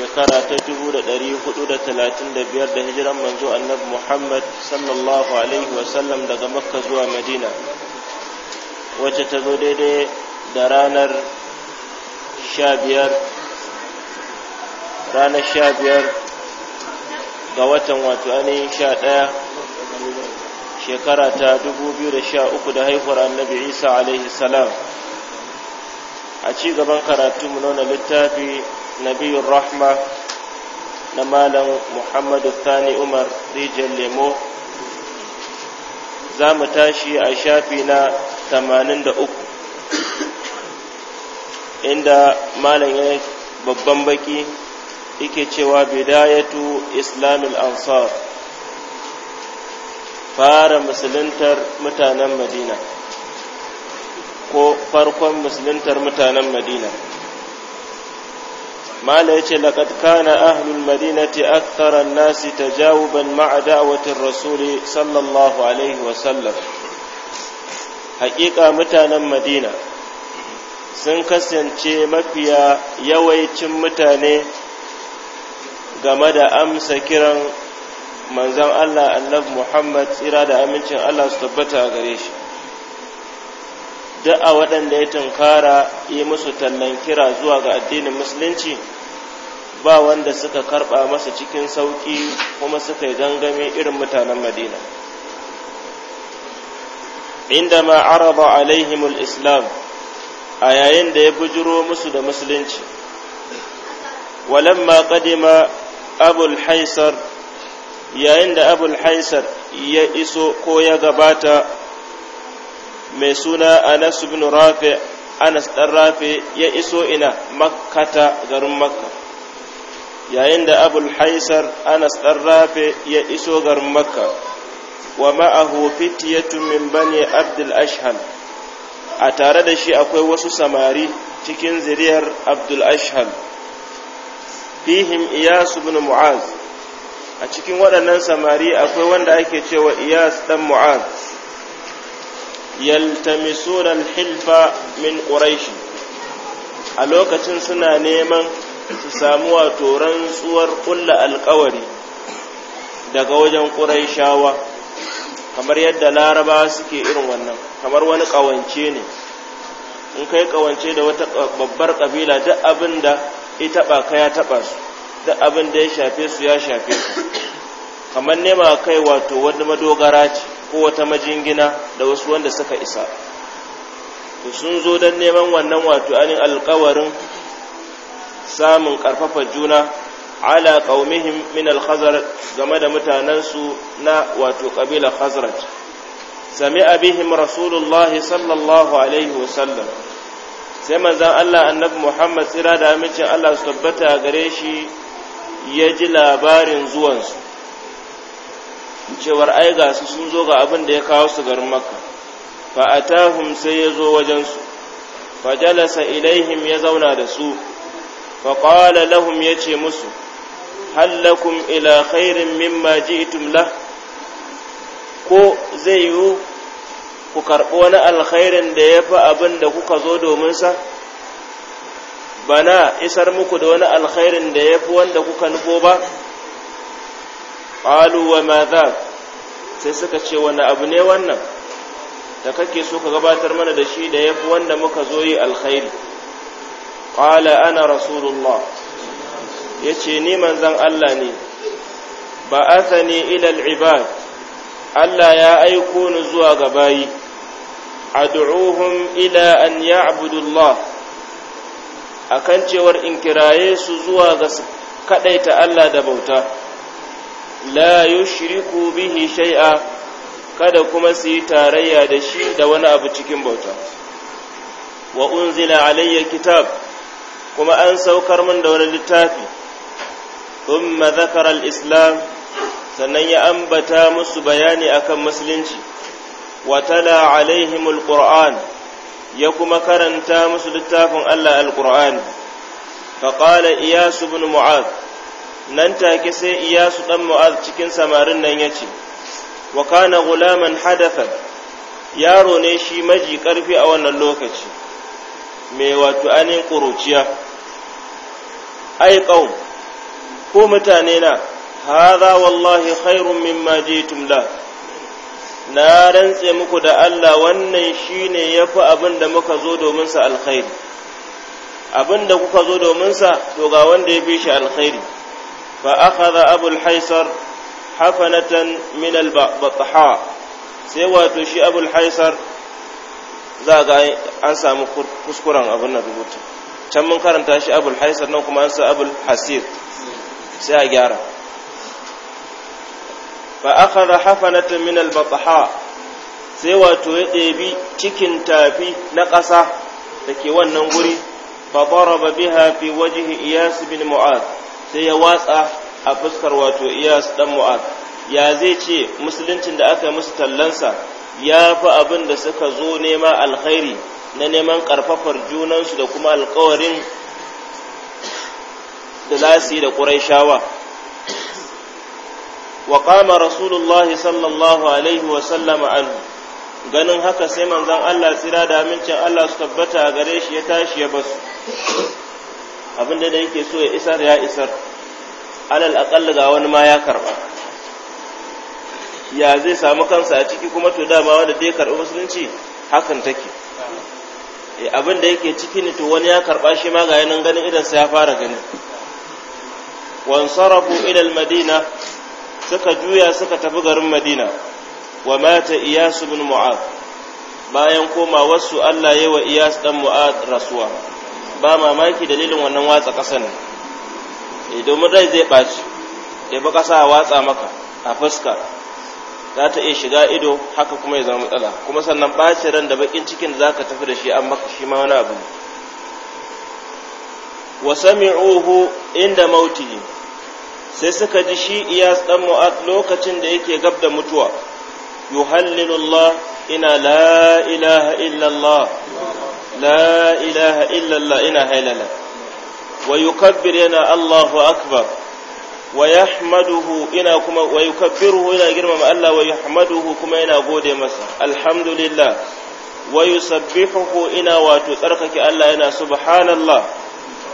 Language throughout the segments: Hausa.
shekara ta 435 da talatin da da biyar hijiran manzo annabi Muhammad sallallahu alaihi wasallam daga Makka zuwa Madina wacce ta zo daidai da ranar 15 ranar 15 ga watan wato ainihin sha ɗaya shekara ta 2013 da haihuwar annabi Isa alaihi salam a ci gaban karatu mu nuna littafi نبي الرحمة نمالا محمد الثاني عمر ريج الليمو زام تاشي أشافينا ثمانين أكو عند malam ya babban baki cewa bidayatu islamil ansar fara musuluntar mutanen madina ko farkon musuluntar mutanen madina mala yace laqad kana ahlul madinati akthara nasi tajawuban ma'a da'wati ar-rasuli sallallahu alaihi wa sallam haƙiƙa mutanen madina sun kasance mafiya yawaicin mutane game da amsa kiran manzon Allah annabi Muhammad tsira da amincin Allah su tabbata gare shi duk a waɗanda ya tunkara yi musu tallan kira zuwa ga addinin musulunci ba wanda suka karɓa masa cikin sauƙi kuma suka yi gangame irin mutanen madina inda ma araba alaihimul islam a yayin da ya bujiro musu da musulunci walamma qadima abul haisar yayin da abul haisar ya iso ko ya gabata mai suna anas bin rafi anas dan rafi ya iso ina makkata garin makka yayin da abul haisar anas dan rafi ya iso garin makka wa ma'ahu fitiyatun min bani abdul ashhal a tare da shi akwai wasu samari cikin ziriyar abdul ashhal fihim iyas bin mu'az a cikin waɗannan samari akwai wanda ake cewa iyas dan mu'az yaltamisuna alhilfa min quraish a lokacin suna neman su samu wato rantsuwar kulla alkawari daga wajen quraishawa kamar yadda laraba suke irin wannan kamar wani kawance ne in kai kawance da wata babbar kabila duk abin da ita ka ya taba su duk abin ya shafe su ya shafe su kamar nema kai wato wani madogara ce ko wata majingina da wasu wanda suka isa sun zo don neman wannan wato anin alkawarin samun karfafa juna ala qaumihim min al game da mutanensu na wato kabila khazraj sami'a bihim rasulullahi sallallahu alaihi wa sai manzan Allah annabi Muhammad tsira da amincin Allah su tabbata gare shi ya ji labarin zuwansu cewar ai ga su sun zo ga abin da ya kawo su garin makka fa atahum sai ya zo wajen su. fa jalasa ilaihim ya zauna da su fa qala lahum ya ce musu lakum ila khairin mimma ji'tum la ko zai yiwu ku karɓi wani alkhairin da ya fi abin da kuka zo domin sa bana isar muku da wani alkhairin da ya fi wanda kuka nufo ba qalu wa ma sai suka ce wani abu ne wannan da kake so ka gabatar mana da shi da yafi wanda muka zo yi alkhairi qala ana rasulullah yace ni manzan Allah ne ba'athani ila ilal ibad Allah ya aiko ni zuwa ga bayi ad'uhum ila an ya'budu Allah akan cewar in kiraye su zuwa ga kaɗaita Allah da bauta la yushriku bihi shay'a kada kuma su yi tarayya da shi da wani abu cikin bauta wa unzila alayya kitab kuma an saukar min da wani littafi thumma dhakara al-islam sannan ya ambata musu bayani akan musulunci wa tala alaihim al-qur'an ya kuma karanta musu littafin Allah al-qur'an فقال إياس بن معاذ nan take sai iyasu ɗan mu'az cikin samarin nan ya ce wa kana gulaman hadafa yaro ne shi maji ƙarfi a wannan lokaci mai wato anin ƙuruciya ai ƙau ko mutane na haza wallahi khairun mimma jitum la na rantse muku da Allah wannan shine yafi abin da muka zo domin sa alkhairi abin da kuka zo domin sa to ga wanda ya fi shi alkhairi فأخذ أبو الحيسر حفنة من البطحاء سوى تشي أبو الحيسر za ga an samu kuskuren abin na rubutu can mun karanta shi abul nan kuma an sa abul sai a gyara fa akhadha hafanatan min al batha sai wato ya ɗebi cikin tafi na ƙasa da ke wannan guri fa daraba biha bin mu'adh sai ya watsa a fuskar wato iyas dan mu'ad ya zai ce musuluncin da aka yi musu tallansa ya fi abin da suka zo nema alkhairi na neman karfafar junansu da kuma alkawarin da za yi da ƙuraishawa wa kama rasulullahi sallallahu alaihi wa sallama an ganin haka sai manzon Allah tsira da amincin Allah su tabbata gare shi ya tashi ya basu abin da yake so ya isar ya isar alal aqall ga wani ma ya karba ya zai samu kansa a ciki kuma to dama wanda zai karɓi musulunci hakan take eh, abin da yake ciki ne to wani ya karba shi ma ga yanan ganin idan sa ya fara gani wan wansarafu idan madina suka juya suka tafi garin madina wa mata iyas ibn mu'ad bayan koma wasu Allah yayi wa iyas dan mu'ad rasuwa ba mamaki dalilin wannan watsa ƙasan ne eh, domin rai zai ɓaci ya bi ƙasa a watsa maka a fuska za ta iya shiga ido haka kuma ya zama matsala kuma sannan ɓaci ran da baƙin cikin da za ka tafi da shi an maka shi ma wani abu wa sami'uhu inda mautihi sai suka ji shi iyas dan mu'ad lokacin da yake gab da mutuwa yuhallilullah ina la ilaha illallah la ilaha illallah ina hailala wa yukabbir yana Allahu akbar wa yahmaduhu ina girmama Allah wa yahmaduhu kuma yana gode masa alhamdulillah wa yusabbihuhu ina wato tsarkake Allah yana subhanallah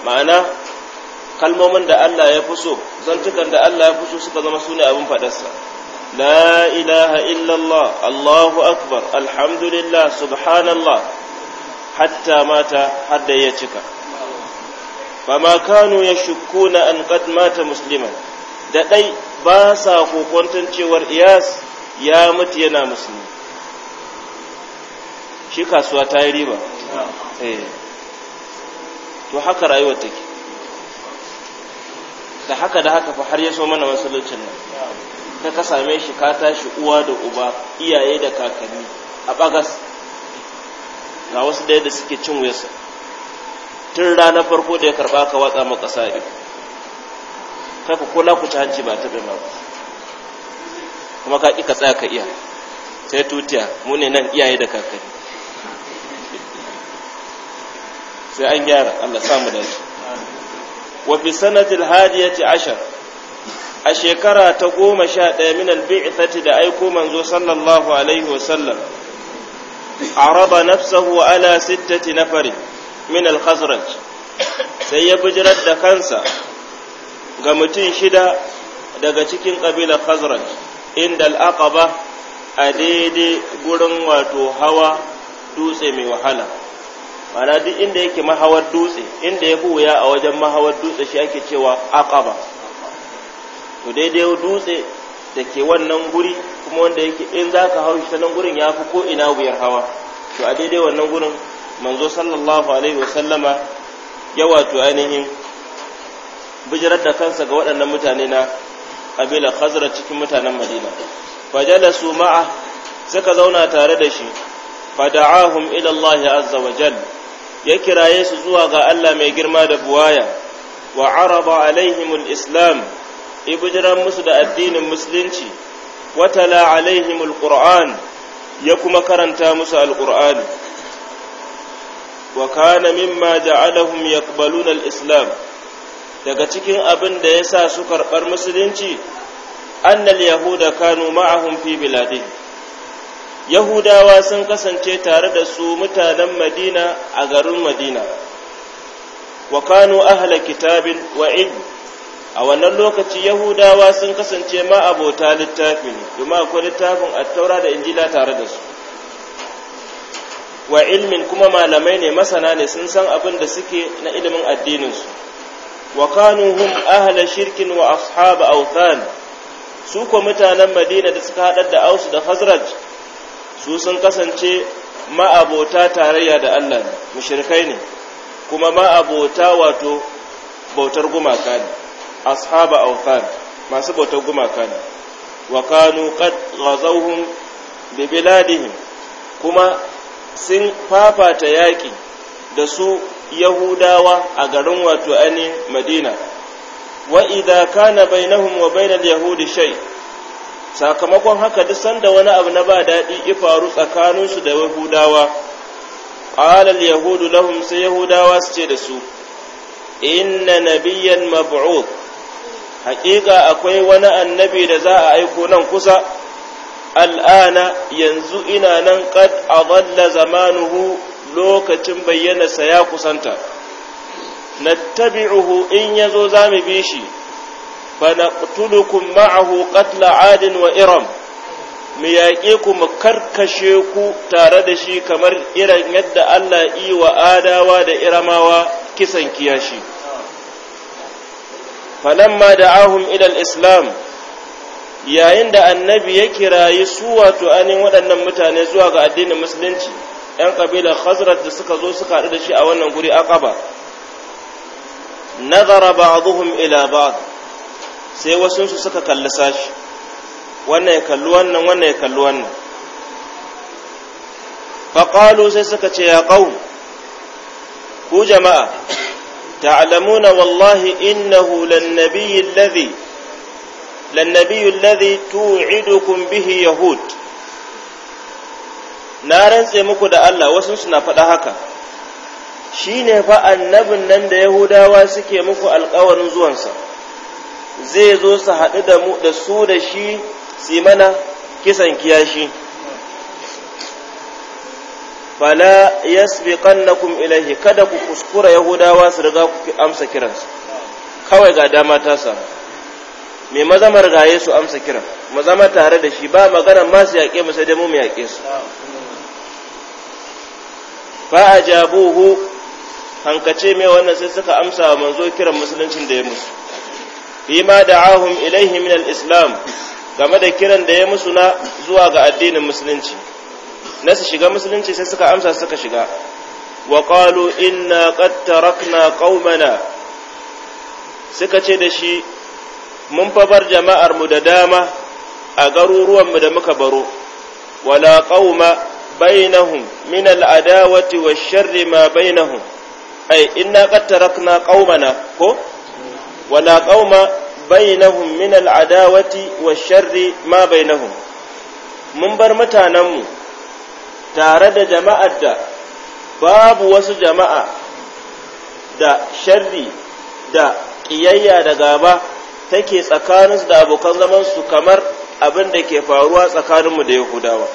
ma'ana kalmomin da Allah ya fi so zantukan da Allah ya fi so suka zama suna abin faɗarsa la ilaha illallah Allahu akbar alhamdulillah subhanallah hatta mata hadda ya cika ma kanu ya shukuna an qad mata musliman da dai ba sa kokonton cewar iyas ya mutu yana musulmi shi kasuwa ta yi riba eh to haka rayuwar take da haka da haka fa har ya so mana masallacin nan ka ka same shi ka tashi uwa da uba iyaye da kakanni a bagas ga wasu ɗaya da suke cin wuyarsa tun ranar farko da ya karɓa ka watsa maka sa'i kafa kola ku ci hanci ba ta da ku kuma ka ƙi ka tsaya ka iya sai tutiya mu ne nan iyaye da kakanni sai an gyara Allah samu dace wa fi sanatil hadiyati ashar a shekara ta goma sha ɗaya min al-bi'thati da aiko manzo sallallahu alaihi wa sallam fari نفسه على ستة نفر من الخزرج da دكانسا ga mutum shida daga cikin ƙabilar khazraj inda al'aqaba a daidai gurin wato hawa dutse mai wahala mana duk inda yake mahawar dutse inda ya wuya a wajen mahawar dutse shi ake cewa aqaba to daidai dutse da ke wannan guri kuma wanda yake in za ka hau shi ta nan gurin ya fi ko ina wuyar hawa to a daidai wannan gurin manzo sallallahu alaihi wasallama ya wato ainihin bijirar da kansa ga waɗannan mutane na abila khazra cikin mutanen madina jalasu ma'a suka zauna tare da shi fada'ahum ila Allah azza wa jal ya kiraye su zuwa ga Allah mai girma da buwaya wa araba alaihim islam ibijiran musu da addinin musulunci watala alaihim alquran ya kuma karanta musu alqur'ani wa kana mimma ja'alahum yaqbaluna alislam daga cikin abin da yasa su karbar musulunci annal yahuda kanu ma'ahum fi biladi yahudawa sun kasance tare da su mutanen madina a garin madina wa kanu ahla kitabin wa'id a wannan lokaci yahudawa sun kasance ma abota littafi ne domin akwai littafin attaura da injila tare da su wa ilmin kuma malamai ne masana ne sun san abin da suke na ilimin addininsu wa kanu hum ahla shirkin wa ashab authan su ko mutanen madina da suka haɗar da ausu da hazraj su sun kasance ma'abota tarayya da allah ne mushrikai ne kuma ma'abota wato bautar gumaka ne ashaba awthan masu bautar gumaka ne wa kanu qad biladihim kuma sun fafata yaƙi da su yahudawa a garin wato ani madina wa idza kana bainahum wa bainal yahudi shay sakamakon haka duk sanda wani abu na ba daɗi ya faru tsakaninsu da yahudawa alal yahudu lahum sai yahudawa su ce da su inna nabiyyan mab'ud haƙiƙa akwai wani annabi da za a aiko nan kusa al'ana yanzu ina nan qad adalla zamanuhu lokacin bayyanarsa ya kusanta nattabi'uhu in ya yazo zamu bi shi fa naqtulukum ma'ahu qatla adin wa iram mu yaƙe ku mu karkashe ku tare da shi kamar irin yadda Allah yi wa adawa da iramawa kisan kiyashi falamma da'ahum ila al-islam yayin da annabi ya kirayi su wato anin waɗannan mutane zuwa ga addinin musulunci ‘yan kabila khazrat da suka zo suka haɗu da shi a wannan guri aqaba nazara ba'dhum ila ba'd sai wasu su suka kalli sashi wannan ya kalli wannan wannan ya kalli wannan faqalu sai suka ce ya qaum ku jama'a تعلمون wallahi, إنه للنبي الذي للنبي الذي توعدكم به يهود na rantse muku da Allah wasu suna faɗa haka shi ne fa annabin nan da Yahudawa suke muku alkawarin zuwansa zai zo su haɗu da da su da shi su mana kisan kiyashi fala yasbiqannakum ilayhi kada ku kuskura yahudawa su riga ku amsa kiransu kawai ga dama ta samu me maza margaye su amsa kiran maza tare da shi ba magana ma su yaƙe mu sai dai mu mu yaƙe su fa ajabuhu hankace me wannan sai suka amsa manzo kiran musuluncin da ya musu bima da'ahum ilaihi min al-islam game da kiran da ya musu na zuwa ga addinin musulunci na su shiga musulunci sai suka amsa suka shiga wa qalu inna qad tarakna qaumana suka ce da shi mun fa bar jama'ar mu da dama a garuruwan mu da muka baro wala qauma bainahum min al'adawati adawati wash-sharri ma bainahum ai inna qad tarakna qaumana ko wala qauma bainahum min al'adawati adawati wash-sharri ma bainahum mun bar mutanenmu tare da jama'ar da babu wasu jama'a da sharri da ƙiyayya da gaba take tsakaninsu da abokan su kamar abin da ke faruwa tsakaninmu da yahudawa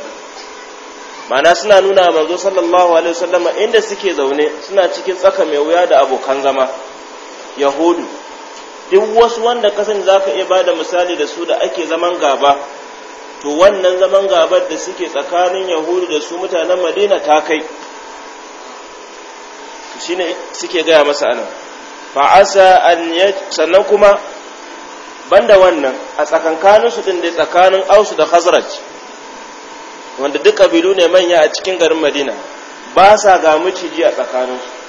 mana suna nuna manzo sallallahu alaihi wasallama inda suke zaune suna cikin tsaka mai wuya da abokan zama yahudu duk wasu wanda kasan za ka iya ba da misali da su da ake zaman gaba to wannan zaman gabar da suke tsakanin yahudu da su mutanen madina ta kai shi ne suke gaya masa anan fa'asa an yi sannan kuma banda wannan a tsakankanin su din da tsakanin ausu da hazrat wanda duk kabilu ne manya a cikin garin madina ba sa ga miciji a tsakaninsu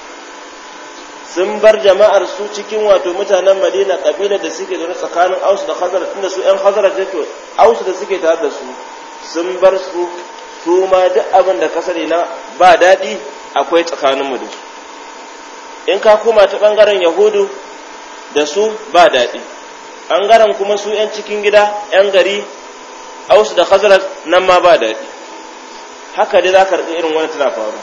sun bar jama'ar su cikin wato mutanen madina kabilar da suke zaune tsakanin aus da khazara tunda su yan hazara ce to aus da suke tare da su sun bar su su ma duk abin da kasar na ba daɗi akwai tsakanin mu in ka koma ta bangaren yahudu da su ba daɗi bangaren kuma su yan cikin gida yan gari aus da hazara nan ma ba daɗi haka dai za ka irin wani tana faruwa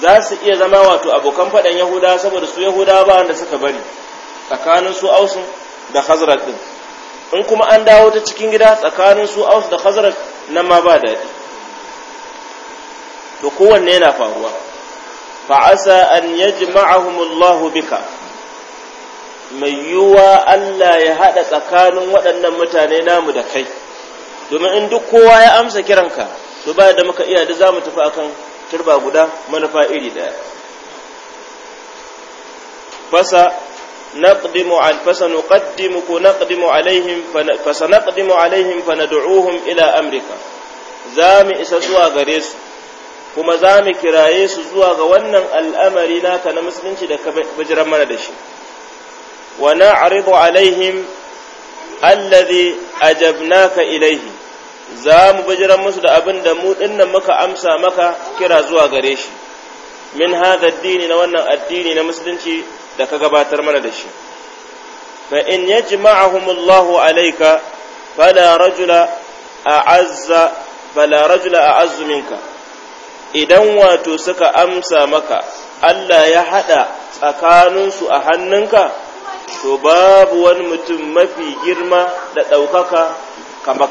za su iya zama wato abokan faɗan yahuda saboda su yahuda ba wanda suka bari tsakanin su ausun da khazraj din in kuma an dawo ta cikin gida tsakanin su aus da khazraj nan ma ba daɗi to kowanne yana faruwa fa asa an yajma'ahum Allahu bika mai yiwuwa Allah ya haɗa tsakanin waɗannan mutane namu da kai domin in duk kowa ya amsa kiranka to ba da muka iya da za mu tafi akan turba guda manufa iri daya fasa نقدم عن فسنقدمك نقدم عليهم فسنقدم عليهم فندعوهم إلى أمريكا زام غريس kuma za mu kiraye su zuwa ga wannan al'amari naka na musulunci da ka bijiran mana da shi wa na'ridu alaihim allazi ajabnaka ilaihi za mu bijiran musu da abin da mu dinnan muka amsa maka kira zuwa gare shi min hada addini na wannan addini na musulunci da ka gabatar mana da shi fa in yajma'ahumullahu alayka fala rajula a'azza fala rajula a'azzu minka idan wato suka amsa maka Allah ya hada tsakaninsu a hannunka to babu wani mutum mafi girma da ɗaukaka kamar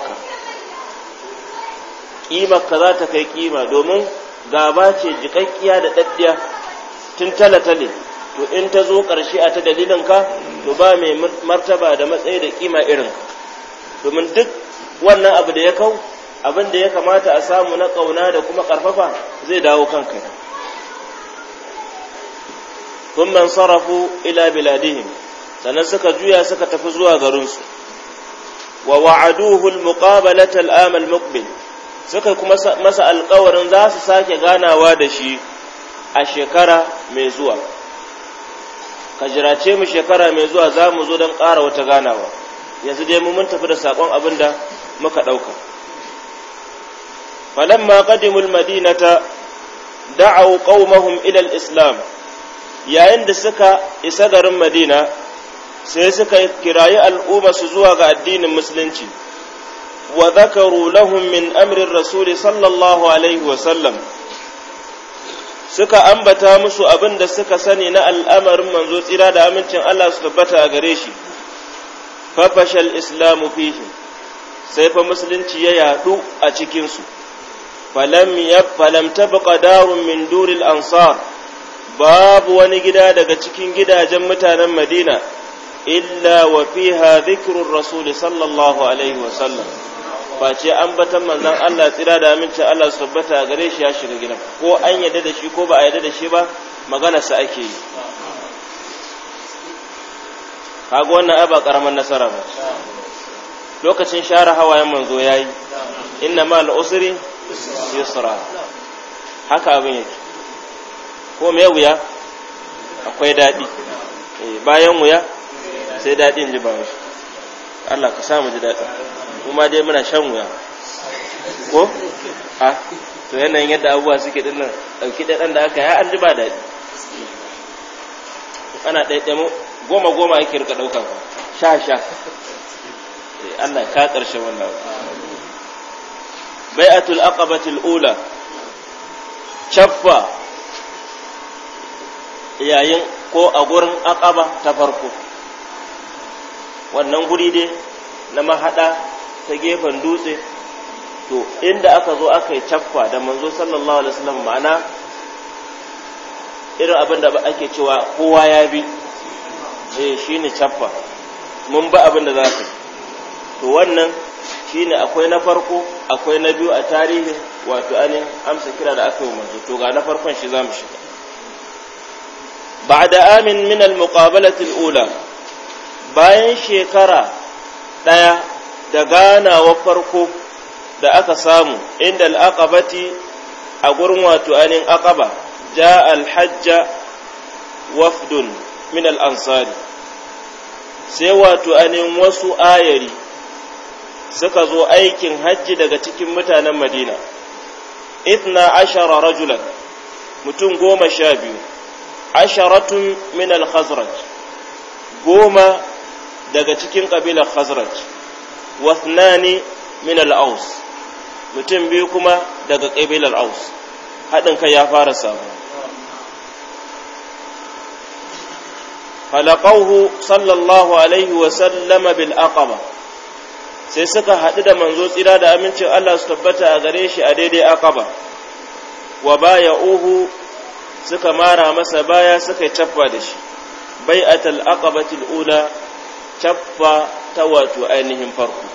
ƙimar ka za ta kai ƙima domin gaba ce jiƙaƙƙiya da ɗaɗɗiya tun tale-tale to in ta zo ƙarshe a ta dalilin ka to ba mai martaba da matsayi da ƙima irin domin duk wannan abu da ya kau abin da ya kamata a samu na ƙauna da kuma ƙarfafa zai dawo kanka kun man sarrafu ila biladihim sannan suka juya suka tafi zuwa garinsu wa wa'aduhu al-muqabalata al-amal muqbil suka kuma masa alkawarin za su sake ganawa da shi a shekara mai zuwa ka jirace mu shekara mai zuwa za mu zo don ƙara wata ganawa yanzu dai mun tafi da saƙon abin da muka ɗauka ma ƙadimul madinata ta qaumahum ƙaumahum ilal islam yayin da suka isa garin madina sai suka kirayi al'umma su zuwa ga addinin musulunci وذكروا لهم من أمر الرسول صلى الله عليه وسلم suka ambata musu abin da suka sani na al'amarin manzo tsira da amincin Allah su tabbata a gare shi, fafashal islamu fihi sai fa musulunci ya yadu a cikinsu, falam taɓa darun min duril ansar babu wani gida daga cikin gidajen mutanen Madina, illa wa fiha zikirin sallallahu Alaihi wasallam. face ambatan manzon Allah tsira da amincin Allah su tabbata gare shi ya shiga gidan ko an yadda da shi ko ba a yadda da shi ba magana sa ake yi kaga wannan ai ba karaman nasara ba lokacin share hawayen manzo yayi inna ma al-usri yusra haka abin yake ko me wuya akwai dadi eh, bayan wuya sai dadin ji ba Allah ka sa mu ji dadin kuma dai muna shan wuya ko a to yanayin yadda abubuwa suke din nan ɗauki ɗan da aka ya an ji ba daɗi ana mu goma goma ake rika ɗaukan ba sha sha eh, Allah ka ƙarshe wannan bai'atul aqabatul ula chaffa yayin ko a gurin aqaba ta farko wannan guri dai na mahada ta gefen dutse to inda aka zo aka yi caffa da manzo sallallahu alaihi wasallam ma'ana irin abin da ake cewa kowa ya bi eh shine caffa mun ba abin da za ka to wannan shine akwai na farko akwai na biyu a tarihi, wato ani amsa kira da aka yi manzo to ga na farkon shi zamu shiga ba'da amin min al-muqabalati al-ula bayan shekara daya da ganawa farko da aka samu inda al-aqabati a gurin wato anin aqaba ja alhajja wafdun min al'ansari sai wato anin wasu ayari suka zo aikin hajji daga cikin mutanen madina itna ashara rajulan mutum goma sha biyu asharatun min al khazraj goma daga cikin ƙabilar khazraj wasnani minal aus mutum biyu kuma daga ƙabilar aus haɗin kai ya fara samu falaqahu sallallahu alaihi wa sallama bil aqaba sai suka haɗu da manzo tsira da amincin Allah su tabbata a gare shi a daidai aqaba wa uhu suka mara masa baya suka yi tabba da shi bai'atul aqabatul ula tabba ta wato ainihin farko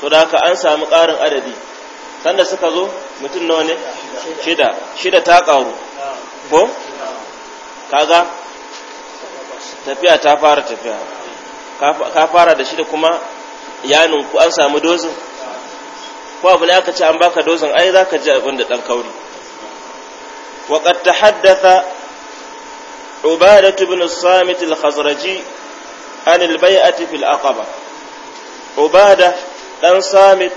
so da haka an samu ƙarin adadi sanda suka zo mutum nawa ne shida shida ta ƙaru ko kaga tafiya ta fara tafiya ka fara da shida kuma ya ninku an samu dozin ko abu ne aka ce an baka dozin ai za ka ji abin da ɗan kauri وقد ubadatu عبادة samit al-khazraji anil bai'ati fil aqaba ubada dan samit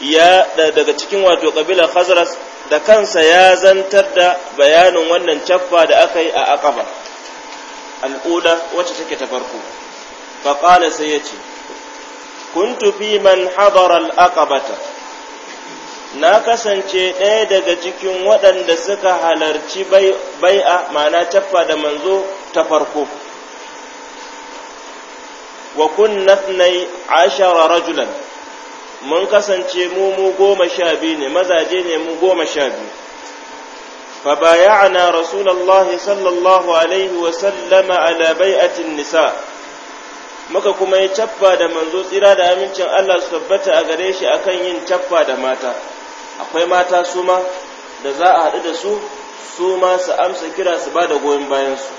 ya daga cikin wato kabilar khazras da kansa ya zantar da bayanin wannan caffa da aka yi a aqaba al'uda wacce take ta farko fa qala sai yace kuntu fi man hadara al-aqabata na kasance ɗaya daga cikin waɗanda suka halarci bai'a ma'ana caffa da manzo ta farko wa kunna thnai ashara rajulan mun kasance mu mu goma sha biyu ne mazaje ne mu goma sha biyu fa bayana rasulullahi sallallahu alaihi wa sallama ala bai'atin nisa muka kuma yi cappa da manzo tsira da amincin Allah su tabbata a gare shi akan yin cappa da mata akwai mata su ma da za a haɗu da su su ma su amsa kira su ba da goyon bayansu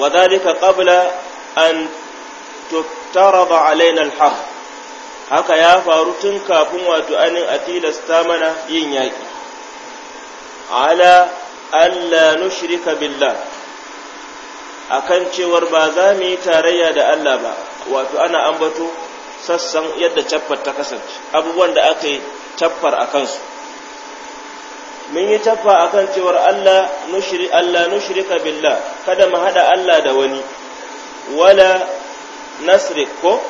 wa dalika qabla an tuktarada alaina alhaq haka ya faru tun kafin wato anin a tilasta mana yin yaƙi ala alla nushrika billah akan cewar ba za mu yi tarayya da Allah ba wato ana ambato sassan yadda caffar ta kasance abubuwan da aka yi caffar a kansu mun yi caffa akan cewar Allah nushri Allah nushrika billah kada mu hada Allah da wani wala nasri ko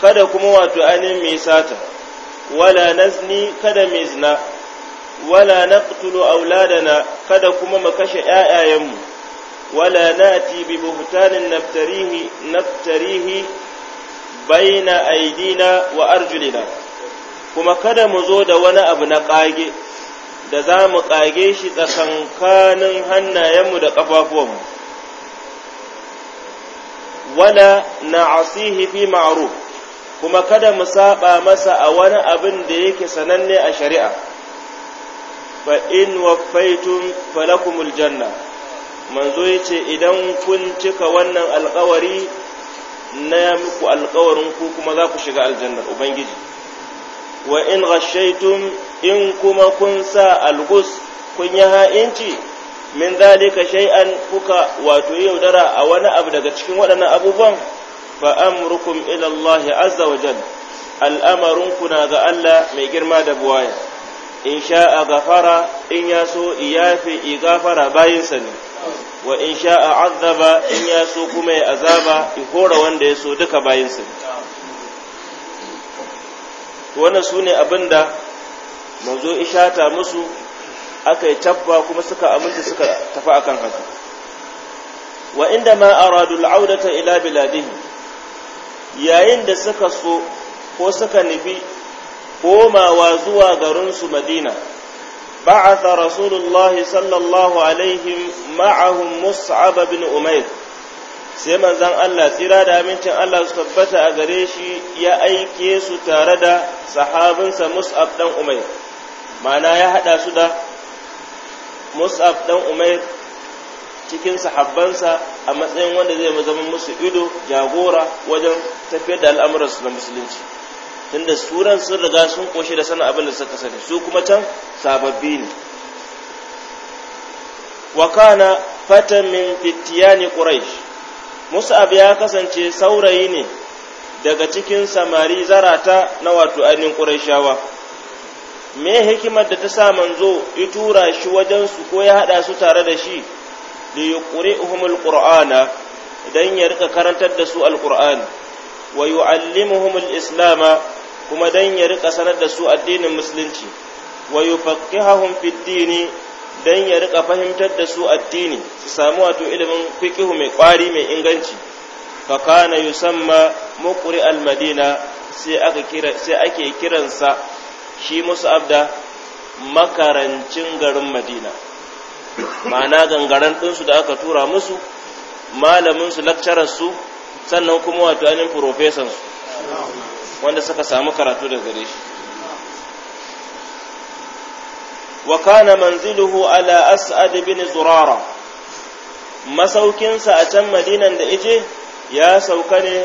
kada kuma wato ainihin mai sata wala nazni kada mai zina wala na naqtulu auladana kada kuma mu kashe ƴaƴayenmu wala nati bi buhtanin naftarihi naftarihi baina aidina wa arjulina kuma kada mu zo da wani abu na ƙage da za mu ƙage shi tsakankanin hannayenmu da ƙafafuwanmu wala na asihi fi ma'ruf kuma kada mu saba masa a wani abin da yake sananne a shari'a fa in waffaitum falakumul janna manzo yace idan kun cika wannan alƙawari na muku alƙawarin ku kuma za ku shiga aljannar ubangiji wa in ghashaytum in kuma kun sa algus kun yi ha'inci min zalika shay'an kuka wato yaudara a wani abu daga cikin waɗannan abubuwan fa amrukum ila Allah azza wa jal na ga Allah mai girma da buwaya in sha'a gafara in ya so iyafe i gafara bayinsa ne wa in a azaba in ya so kuma ya azaba i hora wanda ya so duka bayinsa ne wannan su ne abin da manzo ishata musu aka yi tabba kuma suka aminta suka tafi akan haka wa inda ma aradul audata ila biladihi yayin da suka so ko suka nufi komawa zuwa garinsu madina بعث رسول sallallahu alaihi الله عليه bin مصعب sai manzon Allah tsira da amincin Allah su tabbata a gare shi ya aike su tare da sahabinsa Mus'ab dan Umayr mana ya hada su da mus'ab dan umair cikin sahabbansa a matsayin wanda zai zama musu ido jagora wajen tafiyar da al'amuransu na musulunci tunda suran sun riga sun koshi da san abin da suka sani su kuma can sababbi ne wa kana fatan min fitiyani quraish mus'ab ya kasance saurayi ne daga cikin samari zarata na wato ainihin qurayshawa me hikimar da ta sa manzo ya tura shi wajen su ko ya hada su tare da shi ƙure yuqri'uhumul qur'ana don ya rika karantar da su alƙur'an wa yu'allimuhumul islama kuma don ya rika sanar da su addinin musulunci wa yufaqqihahum fid dini dan ya rika fahimtar da su addini su samu wato ilimin fikihu mai kwari mai inganci fa kana yusamma muqri al-madina sai ake kiransa shi mus'ab da makarancin garin madina ma'ana gangaren ɗinsu da aka tura musu malaminsu su sannan kuma wato ainihin profesansu wanda suka samu karatu da gare shi wa kana manziluhu ala as'ad bin zurara masaukinsa a can madinan da ije ya sauka ne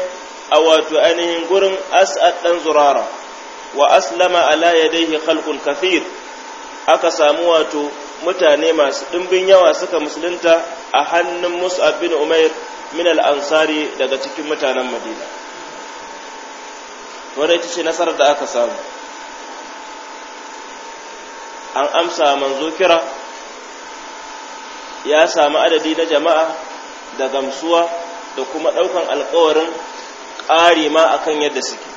a wato ainihin gurin as'ad dan zurara wa aslama ala yadayhi khalqun kathir aka samu wato mutane masu ɗimbin yawa suka musulunta a hannun Mus'ab bin Umair min al-Ansari daga cikin mutanen Madina wanda ita ce nasarar da aka samu an amsa manzo kira ya samu adadi na jama'a da gamsuwa da kuma ɗaukan alkawarin ƙari ma akan yadda suke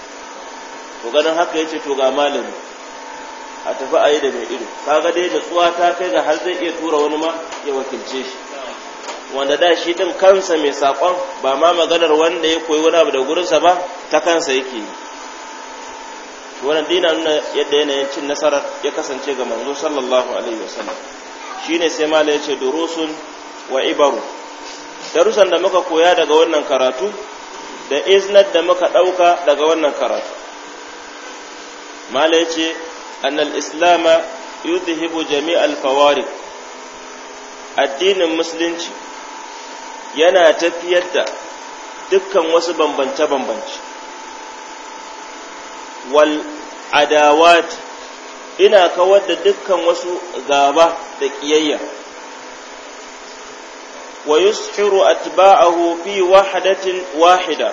to ganin haka yace to ga malami a tafi a da mai ido kaga dai da ta kai ga har zai iya tura wani ma ya wakilce shi wanda da shi din kansa mai sakon ba ma maganar wanda ya koyi wani abu da gurinsa ba ta kansa yake yi wannan dina nuna yadda yanayin cin nasarar ya kasance ga manzo sallallahu alaihi wasallam shine sai mala yace durusun wa ibaru darusan da muka koya daga wannan karatu da iznat da muka dauka daga wannan karatu mala ya ce annal islama yudhibu jami'al fawarik addinin musulunci yana tafiyar da dukkan wasu bambance-bambance wal adawat ina kawar da dukkan wasu gaba da ƙiyayya wa yushiru atba'ahu fi wahdatin wahida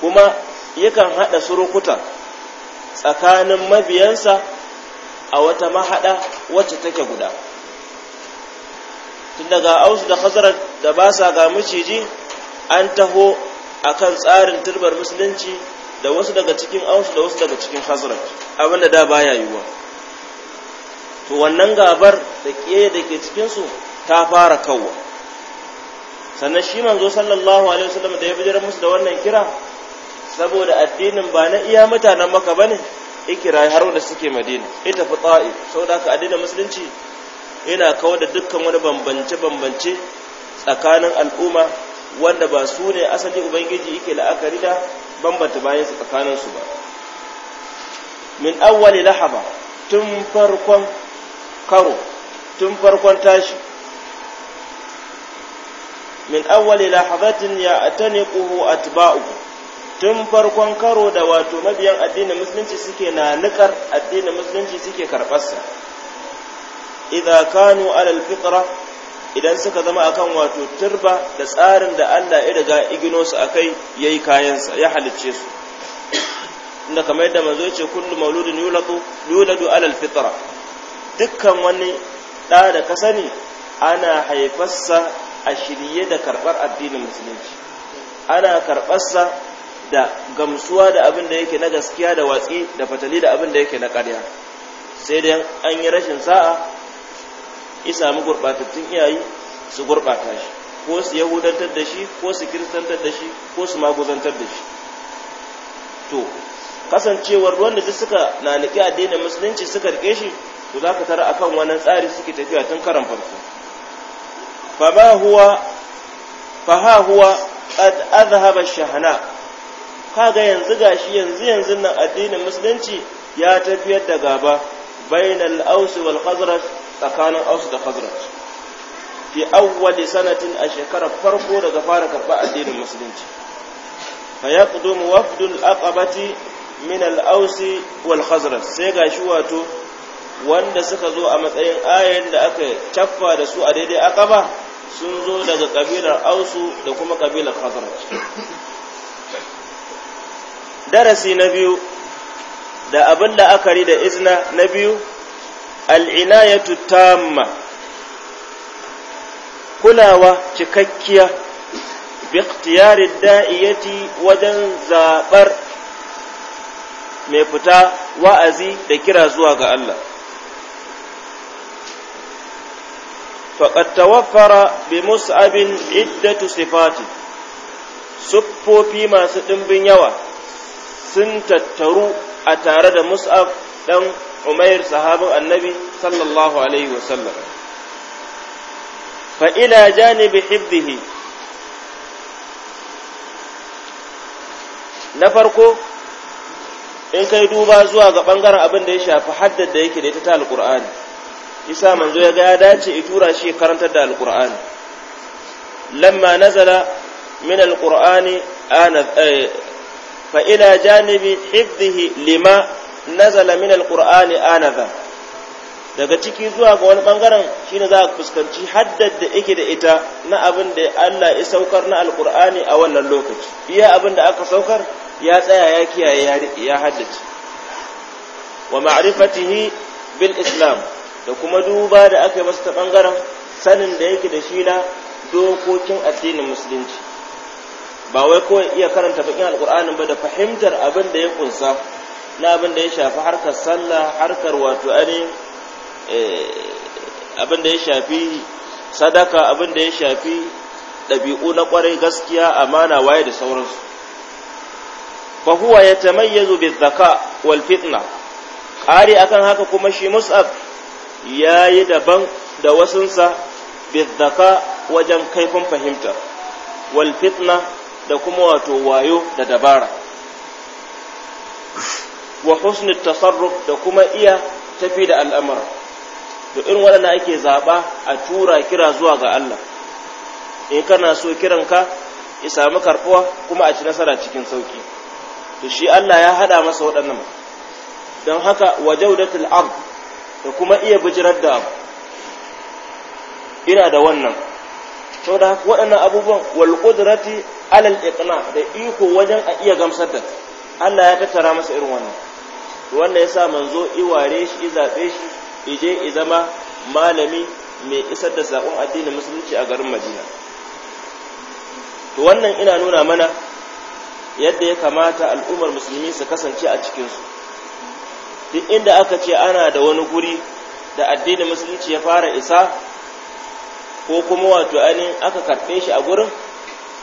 kuma yakan hada surukuta tsakanin mabiyansa a wata mahada wacce take guda tun daga aus da khazara da ba sa ga miciji an taho akan tsarin turbar musulunci da wasu daga cikin aus da wasu daga cikin khazara abinda da baya yiwa. to wannan gabar da ke da ke cikinsu ta fara kawwa sannan shi manzo sallallahu alaihi wasallam da ya bijirar musu da wannan kira saboda addinin ba na iya mutanen maka ba ne ikira har wanda suke madina ita fi sau saboda aka addinin musulunci yana kawar da dukkan wani bambance-bambance tsakanin al'umma wanda ba su ne asali ubangiji yake la'akari da bambanta bayansu tsakaninsu ba min awwali lahaba tun farkon karo tun farkon tashi min awwali lahabatin ya ataniquhu tun farkon karo da wato mabiyan addinin musulunci suke na nukar addinin musulunci suke karɓarsa idza kanu alal fitra idan suka zama akan wato turba da tsarin da Allah ya riga igino su akai yayi kayansa ya halicce su inda kamar yadda manzo ce kullu mauludin yuladu yuladu alal fitra dukkan wani da da ka sani ana haifarsa a shirye da karɓar addinin musulunci ana karɓarsa da gamsuwa da abin da yake na gaskiya da watsi da fatali da abin da yake na karya, sai dai an yi rashin sa'a ya samu gurɓatattun iyayi su gurɓata shi ko su yahudantar da shi ko su kiristantar da shi ko su maguzantar da shi to kasancewar wanda duk suka na niki addinin musulunci suka rike shi to za ka tara akan wannan tsari suke tafiya tun karan farko fa ba huwa fa ha huwa qad shahana kaga yanzu gashi yanzu yanzu nan addinin musulunci ya tafiyar da gaba bainal aus wal khazraj tsakanin aus da khazraj fi awwal sanatin a shekarar farko daga fara karba addinin musulunci fa yaqdumu wafdul aqabati min al aus wal khazraj sai gashi wato wanda suka zo a matsayin ayan da aka caffa da su a daidai aqaba sun zo daga kabilar ausu da kuma kabilar khazraj darasi na biyu da abin la'akari da izna na biyu al'inayatu tamma kulawa cikakkiya biktiyari da'iyati wajen zaɓar mai fita wa'azi da kira zuwa ga Allah faƙad tawaffara bi mus'abin iddatu sifati siffofi masu ɗimbin yawa sun tattaru a tare da mus'ab ɗan umair sahabin annabi sallallahu alaihi wasallam fa ila janibi hibdihi na farko in kai duba zuwa ga ɓangaren abin da ya shafi haddar da yake da ita ta alkur'ani isa manzo ya ga ya dace ya tura shi karantar da alkur'ani lamma nazala min alkur'ani fa ila janibi hifdhihi lima nazala min alqur'ani daga ciki zuwa ga wani bangaren shine za a fuskanci haddad da yake da ita na abin da Allah ya saukar na alkur'ani a wannan lokaci iya abin da aka saukar ya tsaya ya kiyaye ya haddace wa ma'rifatihi bil islam da kuma duba da aka yi masa ta bangaren sanin da yake da shi na dokokin addinin musulunci ba wai kawai iya karanta bakin alkur'anin ba da fahimtar abin da ya kunsa na abin da ya shafi harkar sallah harkar wato eh, abin da ya shafi sadaka abin da ya shafi ɗabi'u na ƙwarai gaskiya amana waye da sauransu ya huwa yatamayyazu zaka wal fitna ƙari akan haka kuma shi mus'ab yayi daban da wasunsa bizaka wajen kaifin fahimta wal fitna da kuma wato wayo da dabara wa husnul tasarruf da kuma iya tafi da al'amura to irin waɗanda ake zaɓa a tura kira zuwa ga Allah in kana so kiranka ya samu karɓuwa kuma a ci nasara cikin sauki to shi Allah ya haɗa masa waɗannan don haka wa jawdatul ard da kuma iya bijirar da abu ina da wannan saboda waɗannan abubuwan wal alal iqna da iko wajen a iya gamsar da Allah ya tattara masa irin wannan wanda yasa manzo iware shi zaɓe shi ije izama malami mai isar da sakon addinin musulunci a garin Madina to wannan ina nuna mana yadda ya kamata al'ummar musulmi su kasance a cikinsu duk inda aka ce ana da wani guri da addinin musulunci ya fara isa ko kuma wato ani aka karɓi shi a gurin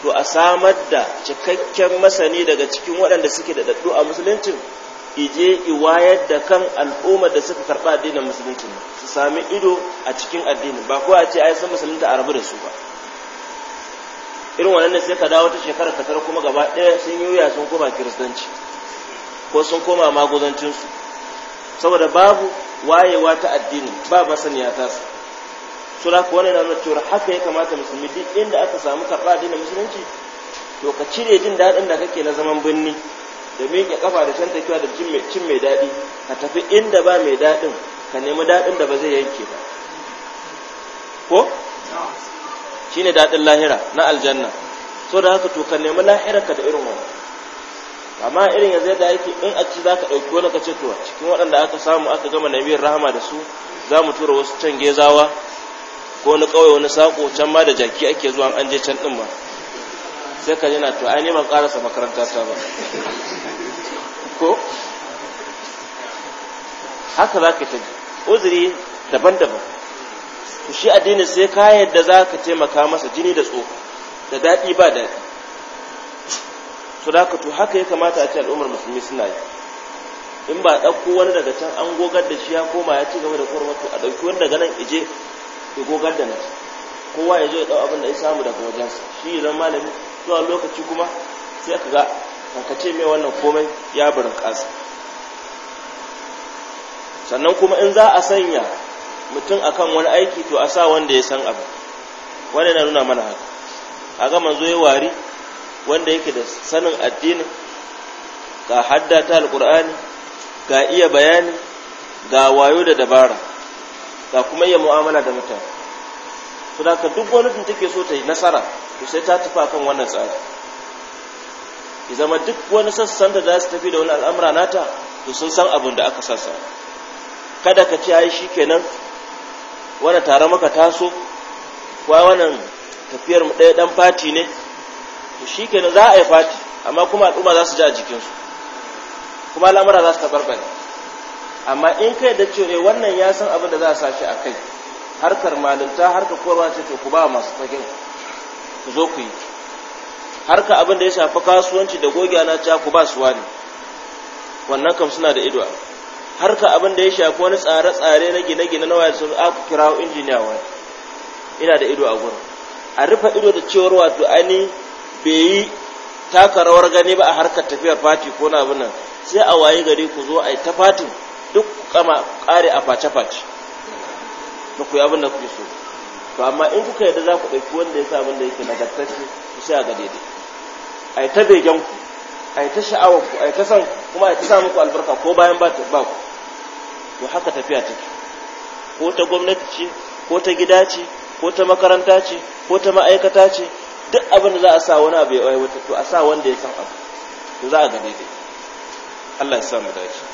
to a samar da cikakken masani daga cikin waɗanda suke da daddu a musuluncin ije iwayar da kan al'ummar da suka karɓa addinin musulunci su sami ido a cikin addinin ba ko a ce ai san musulunta a rabu da su ba irin wannan sai ka dawo ta shekara ta tar kuma gaba ɗaya sun yi wuya sun koma kiristanci ko sun koma magozancinsu saboda babu wayewa ta addini ba masaniya ta su so da kuwa yana cewa haka ya kamata musulmi duk inda aka samu karɓa addinin musulunci to ka cire jin daɗin da kake na zaman birni da miƙe kafa da shan tafiya da cin mai daɗi ka tafi inda ba mai daɗin ka nemi daɗin da ba zai yanke ba ko shine daɗin lahira na aljanna so da haka to ka nemi lahira ka da irin wani amma irin yanzu yadda ake in a ci za ka ɗauki wani ka ce to cikin waɗanda aka samu aka gama nabiyar rahama da su za mu tura wasu can gezawa ko wani kawai wani sako can ma da jaki ake zuwa an je can ɗin ma sai ka jina to ai neman karasa makaranta ta ba ko haka za ka tafi uzuri daban-daban shi addini sai ka yadda za ka taimaka masa jini da tso da daɗi ba da su da to haka ya kamata a ce al'ummar musulmi suna yi in ba ɗauko wani daga can an gogar da shi ya koma ya ci gaba da kurmatu a ɗauki wani daga nan ije ya gogar da nasu kowa ya zo ya dau abin da ya samu daga wajensa shi ya malami zuwa lokaci kuma sai ka ga kankace mai wannan komai ya burin kasa sannan kuma in za a sanya mutum akan wani aiki to a sa wanda ya san abu wanda na nuna mana haka a gama zo ya wari wanda yake da sanin addini ga haddata alkur'ani ga iya bayani ga wayo da dabara ga kuma ya mu'amala da mutane su da duk wani tun take so ta yi nasara to sai ta tafi akan wannan tsari ya zama duk wani sassan da za su tafi da wani al'amura nata to sun san abin da aka sassa kada ka ce shi shikenan wani tare maka taso kwa wannan tafiyar mu ɗaya ɗan fati ne to kenan za a yi fati amma kuma al'umma za su ji a jikinsu kuma al'amura za su tabarbare amma in kai da cewa eh, wannan ya san abin da za a sashi a kai harkar malinta harkar korwa ce to ku ba masu tsakin ku zo ku yi harka abin da ya shafi kasuwanci da gogiya na ta ku ba su wani wannan kam suna da ido harka abin da ya shafi wani tsare-tsare na gine-gine na wayar sun aka ah, kirawo injiniya wani ina da ido a gurin a rufe ido da cewar wato ani bai yi taka rawar gani ba a harkar tafiyar fati ko na abin nan sai a waye gari ku zo a yi ta fatin duk kama kare a face-face na ku abin da kuke so to amma in kuka yadda za ku ɗauki wanda ya sa abin da yake nagartacce ku sha ga daidai a yi ta begen ku a yi ta sha'awar ku a yi ta san kuma a yi ta sa muku albarka ko bayan ba ku to haka tafiya take ko ta gwamnati ce ko ta gida ce ko ta makaranta ce ko ta ma'aikata ce duk abin da za a sa wani abu ya wata to a sa wanda ya san abu to za a ga daidai Allah ya sa mu dace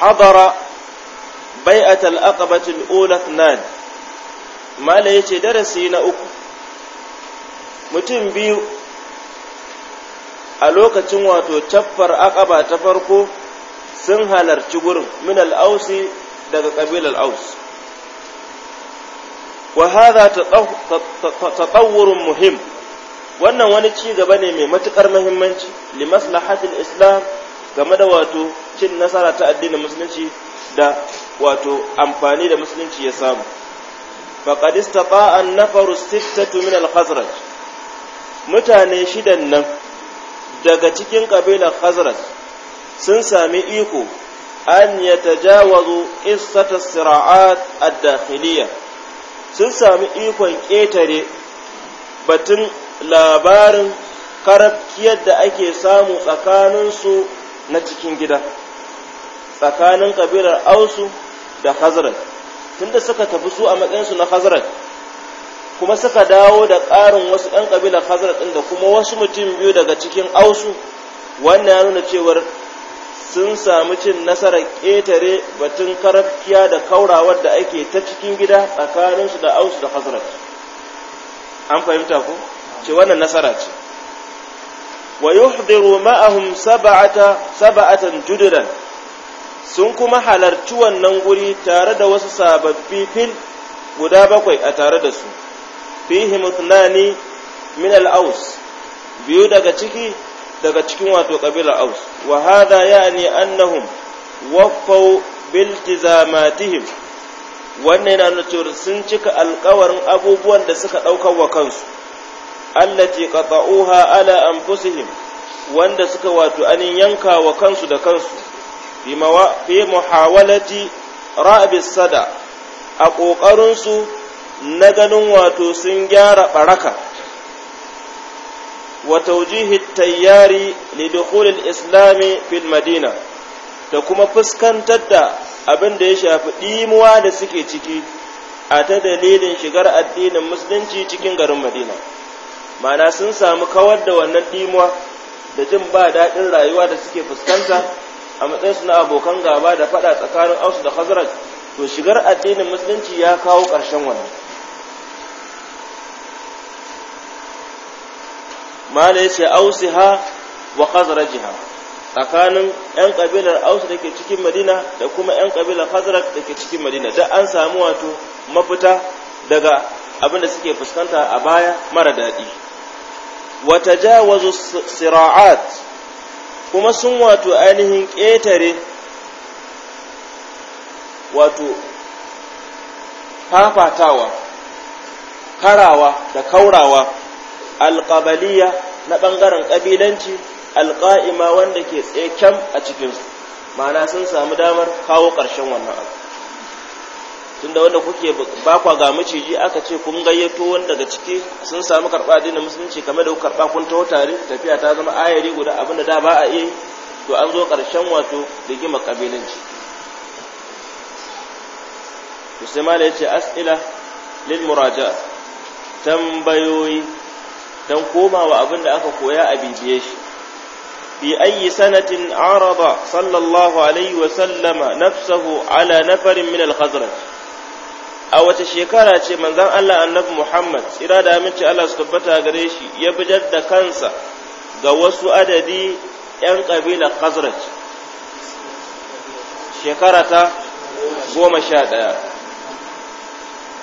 hadara bai'at al-aqabati al-ula thnan mala yace darasi na uku mutum biyu a lokacin wato caffar aqaba ta farko sun halarci gurin min al-ausi daga kabilar aus wa hadha tatawwurun muhim wannan wani ci gaba ne mai matukar muhimmanci li maslahatil islam game da wato cin nasara ta addinin musulunci da wato amfani da musulunci ya samu faqad istaqa an nafaru sittatu min al-khazraj mutane shidan nan daga cikin kabilar khazraj sun sami iko an yatajawazu issata sira'at ad-dakhiliyya sun sami ikon ƙetare batun labarin karafkiyar da ake samu tsakanin tsakaninsu na cikin gida tsakanin kabilar ausu da hazarat tunda suka tafi su a matsayinsu na hazrat kuma suka dawo da ƙarin wasu ɗan ƙabilar hazrat ɗin da kuma wasu mutum biyu daga cikin ausu wannan ya nuna cewar sun samu cin nasara ƙetare batun karafkiya da kaurawar da ake ta cikin gida tsakaninsu da ausu da hazarat an fahimta ku ce wannan nasara ce wa yuhdiru ma'ahum sab'ata sab'atan sun kuma halarci wannan guri tare da wasu sababbi fil guda bakwai a tare da su fihi mutnani min al-aus biyu daga ciki daga cikin wato kabila aus wa hadha yani annahum waffau biltizamatihim wannan yana nuna cewa sun cika alkawarin abubuwan da suka ɗaukar wa kansu allati qata'uha ala anfusihim wanda suka wato anin yanka wa kansu da kansu fi muhawalati ra'bi sada a kokarin su na ganin wato sun gyara baraka wa tawjihi tayyari li dukhul al-islam fi madina da kuma fuskantar da abin da ya shafi dimuwa da suke ciki a ta dalilin shigar addinin musulunci cikin garin madina mana sun samu kawar da wannan dimuwa da jin ba daɗin rayuwa da suke fuskanta a matsayinsu na abokan gaba da faɗa tsakanin ausu da khazraj to shigar addinin musulunci ya kawo ƙarshen wannan mala ya ce ha wa khazrajiha tsakanin 'yan ƙabilar ausu da ke cikin madina da kuma 'yan ƙabilar khazraj da ke cikin madina da an samu wato mafita daga abin da suke fuskanta a baya mara daɗi wa tajawazu sira'at kuma sun wato ainihin ƙetare wato fafatawa karawa da kaurawa alƙabaliya na ɓangaren ƙabilanci alƙa'ima wanda ke tseken a cikinsu ma'ana sun samu damar kawo ƙarshen wannan abu tunda wanda kuke ba kwa ga maciji aka ce kun gayyato wanda daga ciki sun samu karba addinin musulunci kamar da ku karba kun taho tare tafiya ta zama ayari guda abinda da ba a iya to an zo ƙarshen wato rigimar kabilanci to sai ya yace as'ila lil muraja tambayoyi dan komawa abin da aka koya a bibiye shi في أي سنة عرض صلى الله عليه وسلم نفسه على نفر من الخزرج a wace shekara ce manzan Allah annabi Muhammad tsira da aminci Allah su tabbata gare shi ya bijar da kansa ga wasu adadi ‘yan ƙabilar Khazraj shekara ta goma sha ɗaya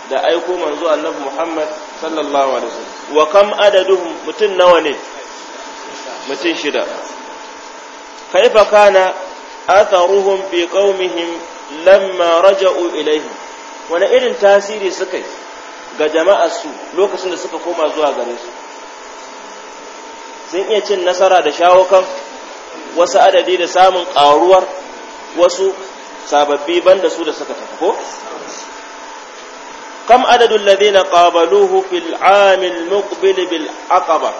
da aiko manzo annabi Muhammad sallallahu alaihi wa kam adadu mutum nawa ne mutum shida kaifa kana atharuhum bi qaumihim lamma raja'u ilaihim wani irin tasiri suka yi ga jama'a su lokacin da suka koma zuwa gare su sun iya cin nasara da shawakan wasu adadi da samun ƙaruwar wasu sababbi banda su da suka tafi ko kam adadul ladina qabaluhu fil amil muqbil bil aqaba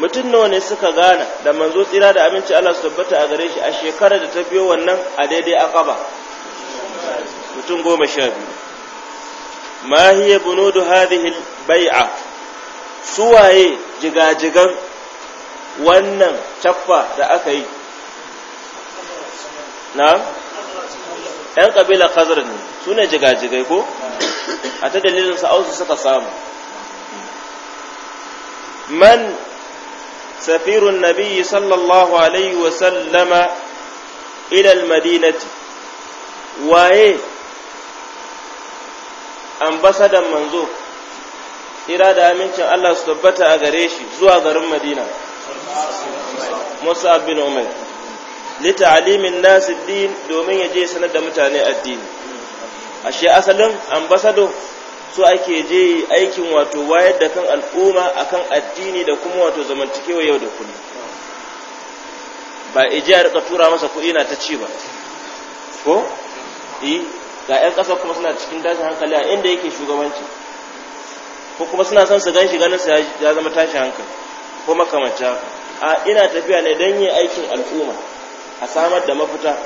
mutum nawa ne suka gana da manzo tsira da aminci Allah su tabbata a gare shi a shekarar da ta biyo wannan a daidai aqaba mutum goma sha biyu ma hiya bunudu su bai'a suwaye jigajigan wannan cappa da aka yi na ‘yan ƙabila kazar ne su ne jigajigai ko a ta dalilin sa'ausu suka samu man safirun nabiyyi sallallahu alaihi wasallama ilal madinati waye ambasadan manzo Ira da amincin Allah su tabbata a gare shi zuwa garin Madina Musa bin Umar li ta'limin nas din domin ya je sanar da mutane addini ashe asalin ambasado su ake je aikin wato wayar da kan al'umma akan addini da kuma wato zamantakewa yau da kullum ba ije a rika tura masa kuɗi na ta ci ba ko eh. ga 'yan ƙasa kuma suna cikin tashin hankali a inda yake shugabanci ko kuma suna son su gan shi ganin ya zama tashin hankali ko makamanci a ina tafiya ne don yin aikin al'umma a samar da mafita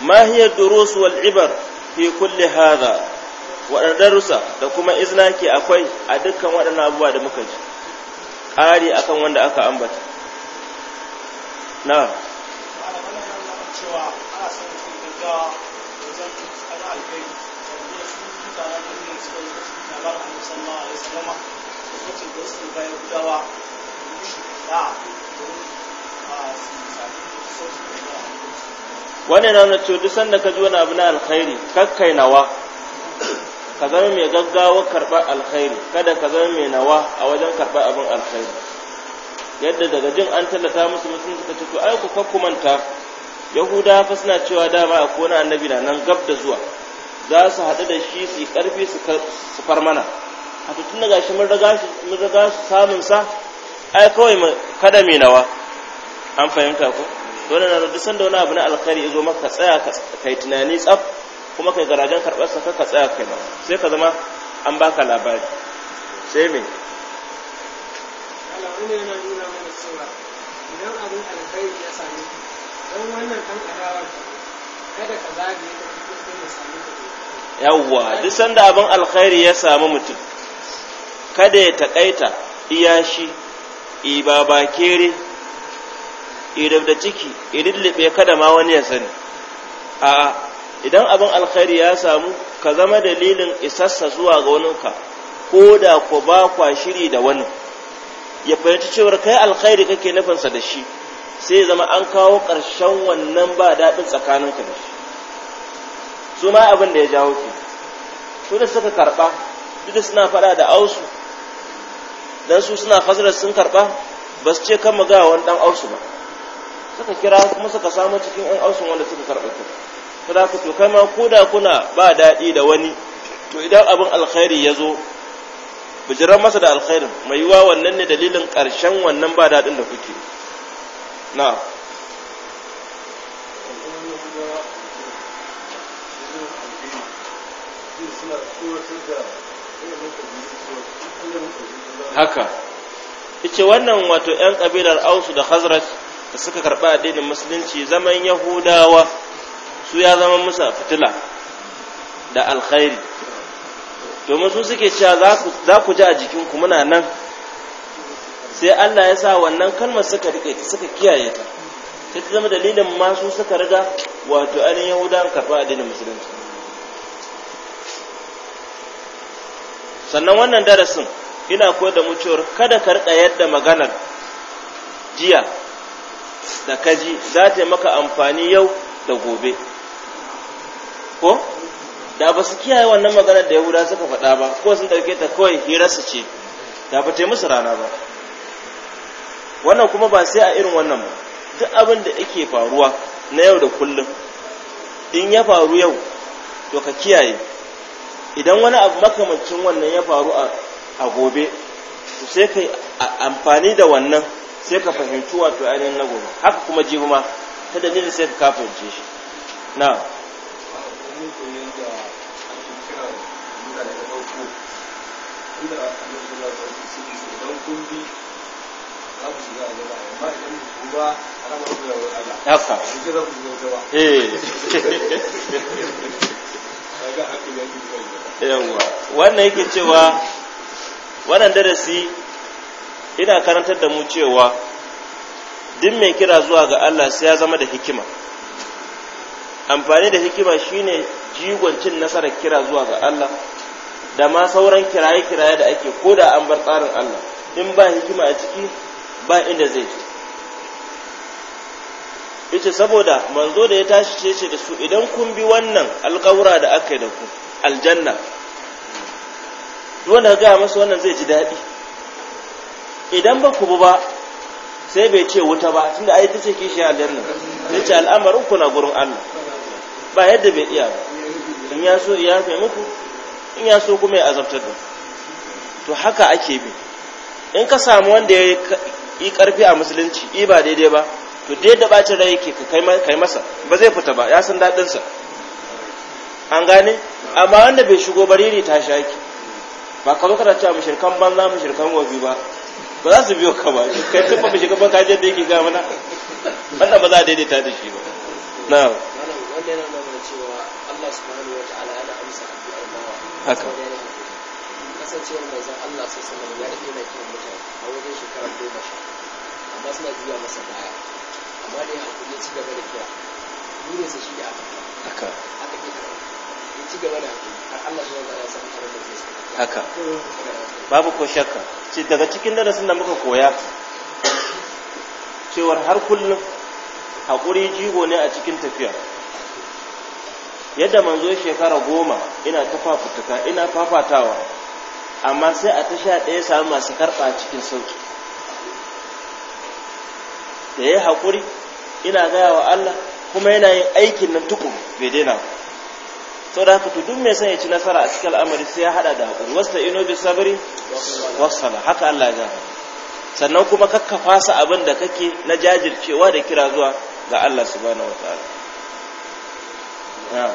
ma hiya wal ibar fi kulli hadha waɗannan darusa da kuma izna ke akwai a dukkan waɗannan abubuwa da muka ji ƙari akan wanda aka ambata na ga wajen an alkai sannan su da suka yi na a musamman a da su da mushi da a na duk sanda ka ji wani abu na alkhairi kakkai nawa ka zama mai gaggawa karɓar alkhairi kada ka zama mai nawa a wajen karɓar abin alkhairi yadda daga jin an tallata musu mutum suka ce to ai ku kakkumanta yahuda fa suna cewa dama a kona annabi na nan gab da zuwa za su haɗu da shi su ƙarfi su far mana a tutun daga shi mun raga su samun sa ai kawai mu kada mai nawa an fahimta ko dole na duk sanda wani abu na alkhairi ya zo maka ka tsaya kai tunani tsaf kuma kai garajen karɓar sa ka tsaya kai ma sai ka zama an baka labari sai me ne yana nuna mana cewa idan abin alkhairi ya same don wannan kada ka ta cikin sai ya samu ta yawwa duk sanda abin alkhairi ya samu mutum kada ya taƙaita iya shi kere, idab da ciki idillibe kada ma wani ya sani a idan abin alkhairi ya samu ka zama dalilin isassa zuwa ga waninka ko da ku ba kwa shiri da wani ya fahimci cewar kai alkhairi kake nufinsa da shi sai zama an kawo ƙarshen wannan ba daɗin tsakanin da shi su ma abin da ya jawo ke su da suka karɓa duk da suna faɗa da ausu dan su suna fasirar sun karɓa ba su ce kan magawa wani ɗan ausu ba suka kira kuma suka samu cikin ɗan ausun wanda suka karɓa ta to da to kai ma ko da kuna ba daɗi da wani to idan abin alkhairi ya zo bijiran masa da alkhairin mai yiwa wannan ne dalilin ƙarshen wannan ba daɗin da kuke na haka ice wannan wato 'yan kabilar ausu da hazrat da suka karɓi addinin musulunci zaman yahudawa su ya zama musu fitila da alkhairi domin su suke cewa za ku ji a jikinku muna nan sai Allah ya sa wannan kalmar suka rike ta suka kiyaye ta sai ta zama dalilin masu suka riga wato ainihin yahudan karɓa addinin musulunci sannan wannan darasin ina koyar da mutuwar kada ka riƙa yadda maganar jiya da kaji za ta yi maka amfani yau da gobe ko da ba su kiyaye wannan maganar da yahuda suka faɗa ba ko sun ɗauke ta kawai hirarsu ce da ba ta yi musu rana ba wannan kuma ba sai a irin wannan ba duk abin da yake faruwa na yau da kullum in ya faru yau to ka kiyaye idan wani abu makamancin wannan ya faru a gobe to sai ka amfani da wannan sai ka fahimci wato ainihin na gobe haka kuma jibi ma ta dalilin sai ka kafince shi na inda Eh. yawa wannan yake cewa wannan darasi ina karantar da mu cewa duk mai kira zuwa ga Allah sai ya zama da hikima amfani da hikima shine jigon cin nasarar kira zuwa ga Allah da ma sauran kiraye-kiraye da ake koda an bar tsarin Allah in ba hikima a ciki ba inda zai je ita saboda manzo da ya tashi ce ce da su idan kun bi wannan alƙawura da aka yi da ku aljanna wanda gaya masa wannan zai ji daɗi idan ba ku ba sai bai ce wuta ba tunda ai ta ce kishi aljanna ya ce al'amarin ku na gurin Allah ba yadda bai iya ba in ya so ya fi muku in ya so kuma ya azabtar da to haka ake bi in ka samu wanda ya i karfi a musulunci i ba daidai ba to da yadda bacin rai yake kai masa ba zai fita ba ya san daɗinsa an gane amma wanda bai shigo bari ne ta shaki ba ka zo kana cewa mushirkan banza mushirkan wabi ba ba za su biyo ka ba kai tun ba mushirkan ban kajin da yake ga mana wannan ba za a daidaita da shi ba na wanda yana nuna cewa Allah subhanahu wa ta'ala yana amsa addu'ar haka kasancewar manzon Allah sallallahu alaihi wasallam ya rike na kiran mutane a wajen shekarar goma amma suna juya masa baya amma da ya hankali ci gaba da kira burin sa shi ya haka haka ke kira ya ci gaba da hankali har Allah shi wanda ya samu karar da su haka babu ko shakka ce daga cikin darasin da muka koya cewar har kullum haƙuri jigo ne a cikin tafiya yadda manzo shekara goma ina ta fafutuka ina fafatawa amma sai a tasha ɗaya samu masu karɓa cikin sauƙi da ya haƙuri ina gaya wa Allah kuma yana yin aikin nan tukun bai daina ba sau da haka duk mai son ya ci nasara a cikin al'amari sai ya haɗa da haƙuri wasta ino bi sabri wasala haka Allah ya sannan kuma kakka fasa abin da kake na jajircewa da kira zuwa ga Allah subhanahu wataala na'am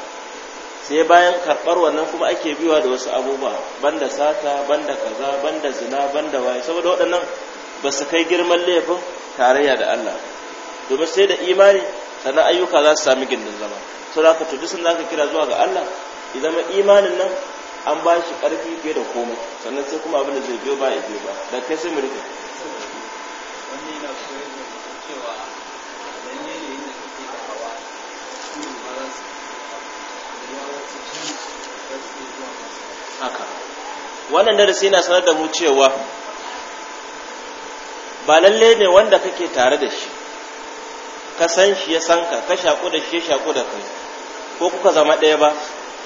sai bayan karɓar wannan kuma ake biwa da wasu abubuwa banda sata banda kaza banda zina banda waye saboda waɗannan ba su kai girman laifin tarayya da Allah domin sai da imani sannan ayyuka za su sami gindin zama sau za ka tudu sun za ka kira zuwa ga Allah idan imanin nan an ba shi ƙarfi fiye da komai sannan sai kuma abin da zai biyo ba ya biyo ba da kai sai mu rufe haka wannan darasi yana sanar da mu cewa ba lalle ne wanda kake tare da shi ka san shi ya san ka ka shaku da shi ya shaku da kai ko kuka zama ɗaya ba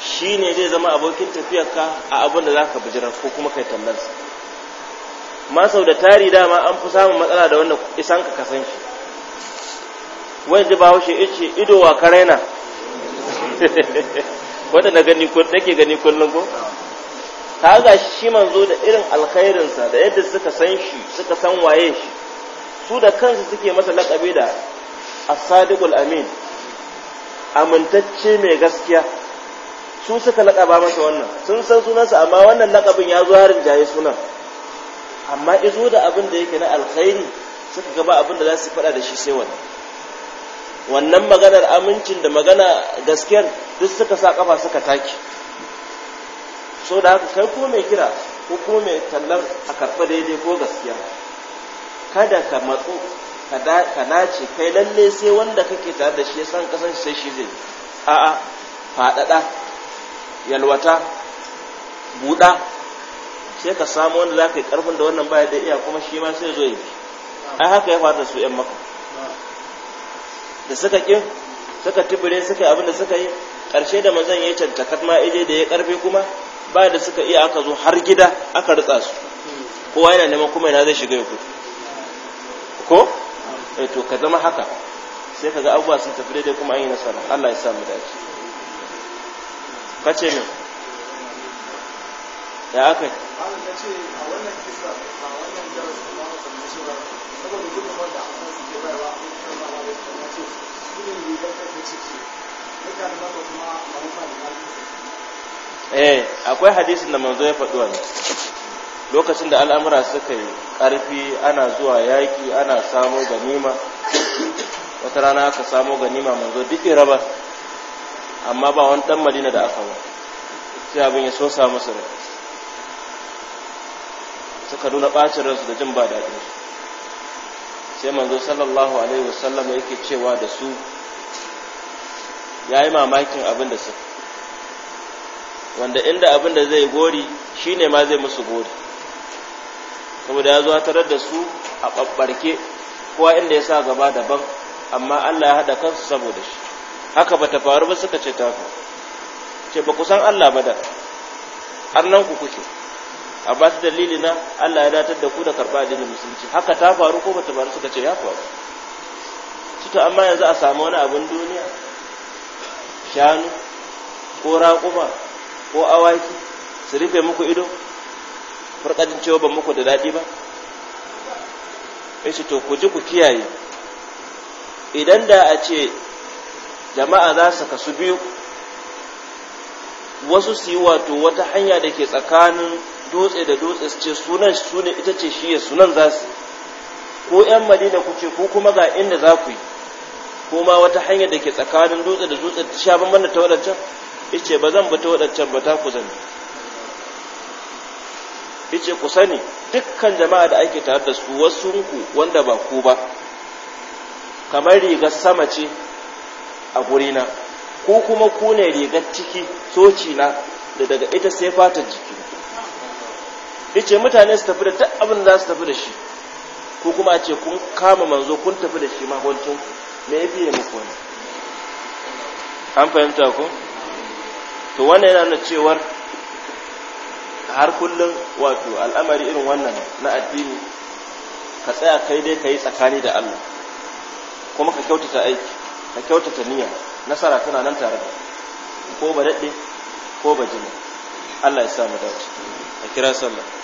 shi ne zai zama abokin tafiyarka a abin da za ka bijira ko kuma kai tallarsa ma sau da tari dama an fi samun matsala da wanda isan ka san shi wanda ba haushe ce ido wa raina wanda na gani ko take gani kullum ko kaga shi manzo da irin alkhairinsa da yadda suka san shi suka san waye shi su da kansu suke masa laƙabi da as-sadiqul amin amintacce mai gaskiya su suka laƙaba masa wannan sun san sunansa amma wannan lakabin ya zo harin jaye sunan amma izo da abin da yake na alkhairi suka gaba abin da za su faɗa da shi sai wannan wannan maganar amincin da magana gaskiyar duk suka sa kafa suka take so da haka kai ko mai kira ko ko mai tallar a karɓa daidai ko gaskiya kada ka matsu ka nace kai lalle sai wanda kake tare da shi yasan san kasan sai shi zai a'a faɗaɗa yalwata buɗa sai ka samu wanda za ka yi ƙarfin da wannan baya da iya kuma shi ma sai zo yi ai haka ya faru da su 'yan maka da suka ƙin suka tubure suka yi abin da suka yi ƙarshe da mazan ya cancakat ma ije da ya ƙarfi kuma ba da suka iya aka zo har gida aka ritsa su kowa yana neman kuma yana zai shiga ya kudu ko eh to ka zama haka sai ka ga abubuwa sun tafi daidai kuma an yi nasara Allah ya samu dace kace ne min ya aka ce a wannan kisa a wannan darasi na musamman ba saboda a da amsan ke bayarwa a kan kama da ce su ne rigar karfe ciki mutane ba kuma a wannan eh akwai hadisin da manzo ya faɗi wannan lokacin da al'amura suka yi ƙarfi ana zuwa yaki ana samo ganima wata rana aka samo ganima manzo duk raba amma ba wani ɗan madina da aka ba sai abin ya so samu su rai suka nuna ɓacin ransu da jin ba daɗin sai manzo sallallahu alaihi wasallam yake cewa da su ya yi mamakin abin da suka wanda inda abin da zai gori shi ne ma zai musu gori saboda ya zo tarar da su a ɓaɓɓarke kowa inda ya sa gaba daban amma Allah ya haɗa kansu saboda shi haka ba ta faru ba suka ce ta ce ba ku san Allah ba da har nan ku kuke a ba su dalili na Allah ya datar da ku da karɓa addinin musulunci haka ta faru ko ba ta faru suka ce ya faru su amma yanzu a samu wani abin duniya shanu ko raƙuma ko awaki su rufe muku ido farkajin cewa ban muku da daɗi ba yace to ku ji ku kiyaye idan da a ce jama'a za su kasu biyu wasu su yi wato wata hanya da ke tsakanin dutse da dutse su ce sunan su ne ita ce shi ya sunan za su ko 'yan madina ku ce ko kuma ga inda za ku yi ko ma wata hanya da ke tsakanin dutse da dutse ta sha bambam ta wadancan icce ba zan bata waɗancan ba ta ku zani ice ku sani dukkan jama'a da ake tare da su wasu ku wanda ba ku ba kamar rigar sama ce a gurina ko kuma ku ne rigar ciki soci na da daga ita sai fata jiki ice mutane su tafi da duk abin za su tafi da shi ko kuma a ce kun kama manzo kun tafi da shi mahoncin me muku wani an fahimta ku to wannan yana nuna cewar har kullum wato al'amari irin wannan na addini ka tsaya kai dai ka yi tsakani da Allah kuma ka kyautata aiki ka kyautata niyya nasara tana nan tare da ko ba daɗe ko ba jini Allah ya sa mu dace a kira sallah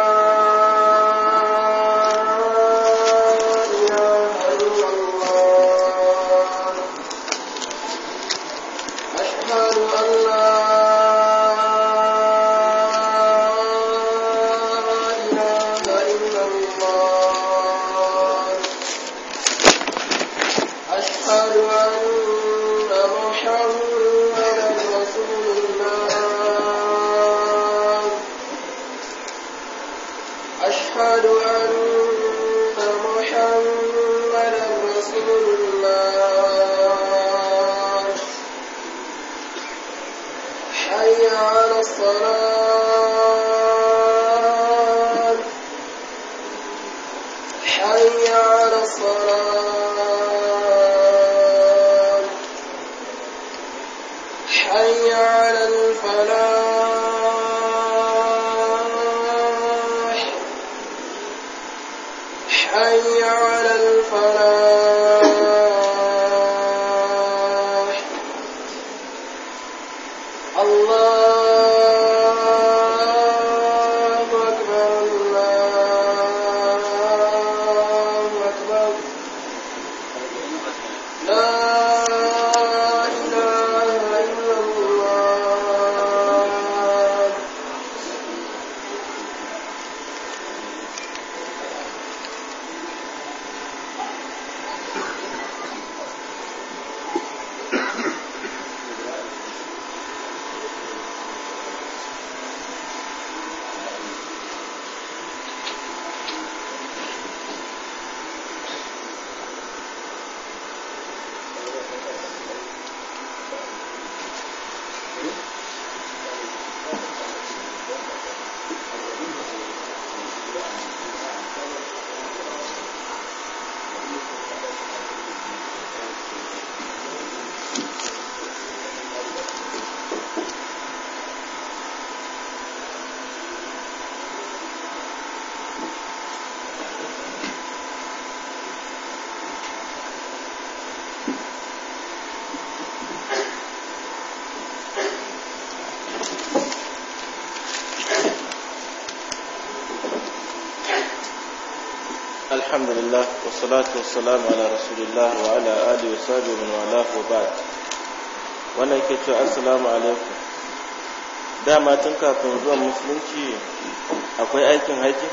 wasalatu wasalamu ala rasulillah wa ala ali wa sahbihi min wala wa ba'd wannan yake cewa assalamu alaikum dama tun kafin zuwan musulunci akwai aikin haji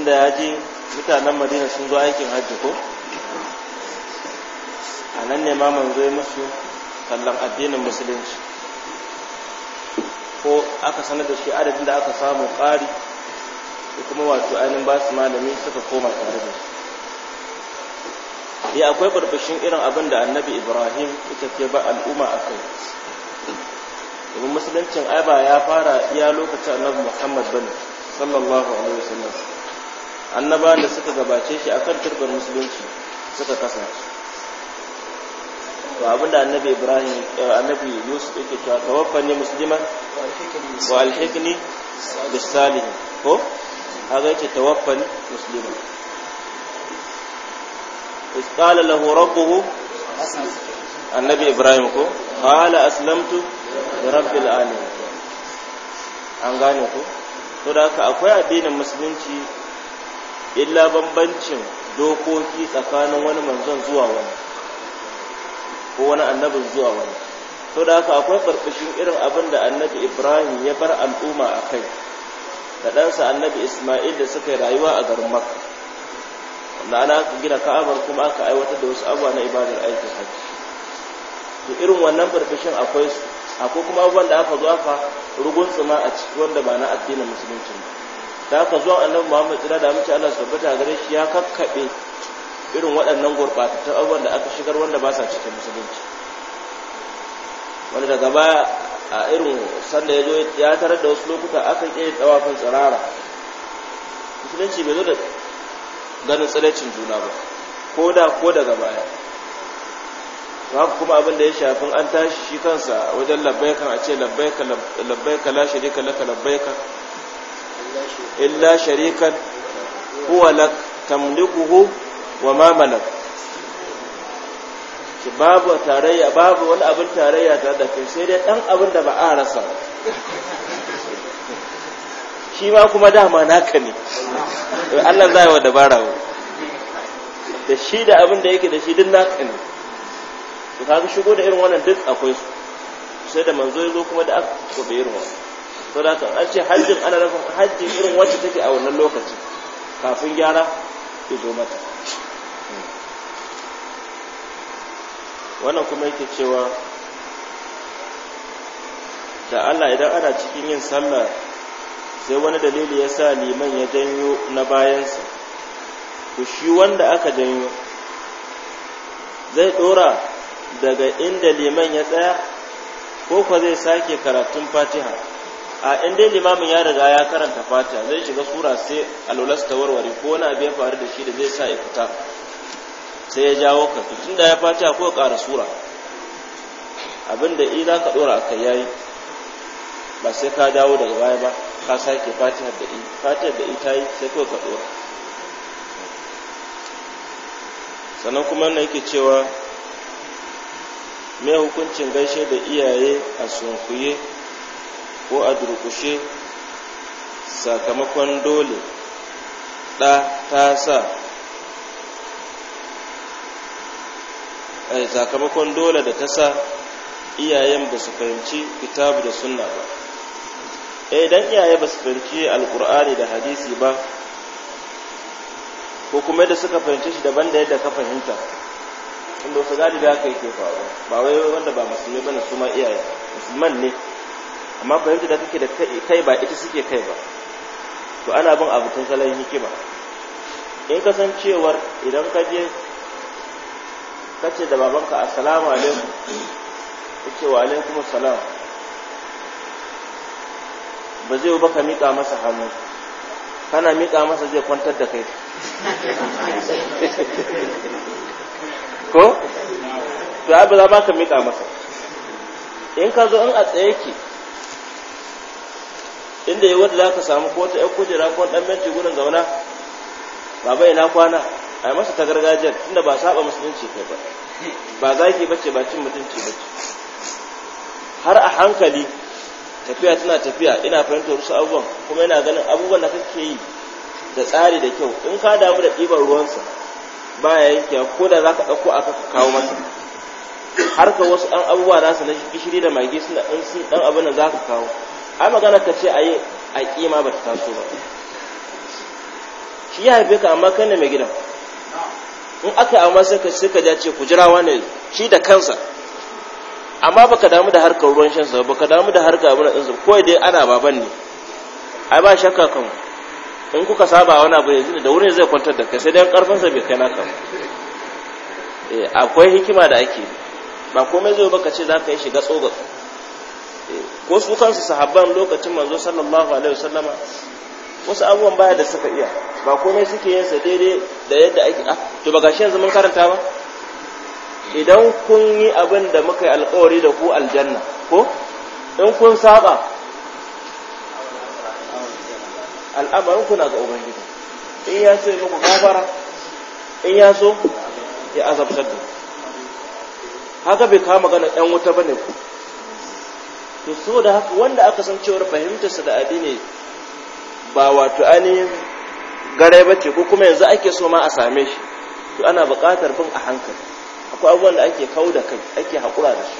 inda ya ji mutanen madina sun zo aikin haji ko a nan ne ma manzo ya musu kallon addinin musulunci ko aka sanar da shi adadin da aka samu ƙari su kuma wato ainihin ba su malami suka koma tare da su ya akwai barbashin irin abin da annabi ibrahim ita ke ba al'umma a kai domin musuluncin ai ba ya fara iya lokacin annabi muhammad bane sallallahu alaihi wasallam annaba da suka gabace shi akan turbar musulunci suka kasance to abinda annabi ibrahim eh, annabi yusuf yake cewa tawaffani musliman wa alhikni bis salihin ko هذا yace tawaffani muslima is qala lahu rabbuhu annabi ibrahim ko qala aslamtu li an gane ku to da haka akwai addinin musulunci illa bambancin dokoki tsakanin wani manzon zuwa wani ko wani annabin zuwa wani to da haka akwai barbashin irin abin da annabi ibrahim ya bar al'umma a kai da ɗansa annabi Ismail da suka yi rayuwa a garin Makka wanda ana gina ka'abar kuma aka aiwatar da wasu abubuwa na ibadar aikin hajji to irin wannan farfashin akwai su akwai kuma abubuwan da aka zo aka rugun tsima a ciki wanda ba na addinin musulunci ba da aka zuwa annabi Muhammad tsira da mace Allah tabbata gare shi ya kakkaɓe irin waɗannan gurɓatattun abubuwan da aka shigar wanda ba sa cikin musulunci wanda daga baya a irin sanda ya zo ya tarar da wasu lokuta akan iya yin tsawafin tsirara musulunci bai zo da ganin tsiraicin juna ba ko da ko daga baya haka kuma abin da ya shafin an tashi shi kansa wajen labbaikan a ce labbaika la sharika laka labbaika illa sharikan huwa lak tamlikuhu wa ma babu tarayya babu wani abin tarayya ta da kai sai dai ɗan abin da ba a rasa shi ma kuma dama naka ne Allah zai wa dabara wa da shi da abin da yake da shi duk naka ne to kaga shigo da irin wannan duk akwai su sai da manzo yazo kuma da aka bai irin wannan to da ka an ce hajjin ana rafa hajjin irin wacce take a wannan lokaci kafin gyara ya zo mata wannan kuma yake cewa da Allah idan ana cikin yin sallah sai wani dalili ya sa liman ya janyo na bayansa ku shi wanda aka janyo zai ɗora daga inda liman ya tsaya ko kuwa zai sake karatun fatiha a inda limamin ya riga ya karanta fatiha zai shiga sura sai alwalas ta warware ko wani abu ya faru da shi da zai sa ya fita sai ya jawo ka to tunda ya fata ko ƙara sura abinda i za ka ɗora a kai yayi ba sai ka dawo daga baya ba ka sake fatihar da i fatihar da i ta yi sai kawai ka ɗora sannan kuma na yake cewa mai hukuncin gaishe da iyaye a sunkuye ko a durkushe sakamakon dole ɗa ta sa sakamakon dole da ta sa iyayen ba su fahimci kitabu da sunna ba idan eh, iyaye ba su fahimci alkur'ani da hadisi ba ko kuma da suka fahimci shi daban da yadda ka fahimta inda wasu gadi da yi ke faru ba wai wanda ba musulmi ba na suma iyaye musulman ne amma fahimta da kake da kai ba ita suke kai ba to ana bin abu tun salon hikima in kasancewar idan ka je kace da babanka assalamu alaikum yace wa alaikum assalam ba zai ba ka miƙa masa hannu kana miƙa masa zai kwantar da kai ko to abu za ka miƙa masa in ka zo in a tsaye ki inda yi da za ka samu ko ta ‘yan kujera ko ɗan benci gudun zauna baba ina kwana a yi masa ta gargajiyar tunda ba saba musulunci kai ba ba za ki bace ba cin mutunci bace har a hankali tafiya tana tafiya ina fahimtar wasu abubuwan kuma yana ganin abubuwan da kake yi da tsari da kyau in ka damu da ɗiban ruwansa ba ya yanke ko da za ka ɗauko a ka kawo masa har ka wasu ɗan abubuwa za su na gishiri da mage suna in sun ɗan abin da za ka kawo a magana ka ce a yi a ƙima ba ta taso ba shi ya haife ka amma kan ne mai gidan in aka yi amma suka suka ja ce ku jira wani shi da kansa amma baka damu da harkar ruwan shan sa baka damu da harkar abin din sa ko dai ana baban ne ai ba shakka kan in kuka saba wani abu yanzu da wurin zai kwantar da kai sai dan karfin sa bai kai naka eh akwai hikima da ake ba komai zai baka ce zaka yi shiga tsoga eh, ko su kansu sahabban lokacin manzo sallallahu alaihi wasallama wasu abubuwan baya da suka iya ba komai suke yin sa daidai da yadda ake a ah, to ba gashi yanzu mun karanta ba idan kun yi abin da muka yi alkawari da ku aljanna ko in kun saba al'amarin kuna ga ubangiji in ya so muku gafara in ya so ya azabtar da haka bai kama magana ɗan wuta ba ne ku to so da haka wanda aka san cewar fahimtarsa da ne ba wato ainihin gare ba ce ko kuma yanzu ake so ma a same shi to ana buƙatar bin a hankali akwai abubuwan da ake kawo da kai ake haƙura da su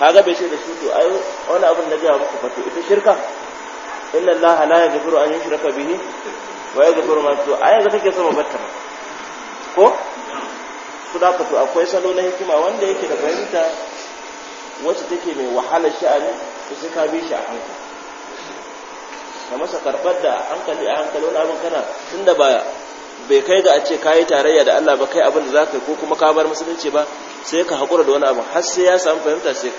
kaga bai ce da shi to ai wani abin da gaya muku fato ita shirka inna allaha la yaghfiru an yushraka bihi wa yaghfiru ma to ai yanzu kake so mu batta ko su da fato akwai salo na hikima wanda yake da fahimta wacce take mai wahala sha'ani to sai ka bi shi a hankali ka masa karɓar da hankali a hankali wani abin kana tun da baya bai kai ga a ce kayi tarayya da Allah ba kai abin da za ka yi ko kuma ka bar musulunci ba sai ka haƙura da wani abin har sai ya samu fahimta sai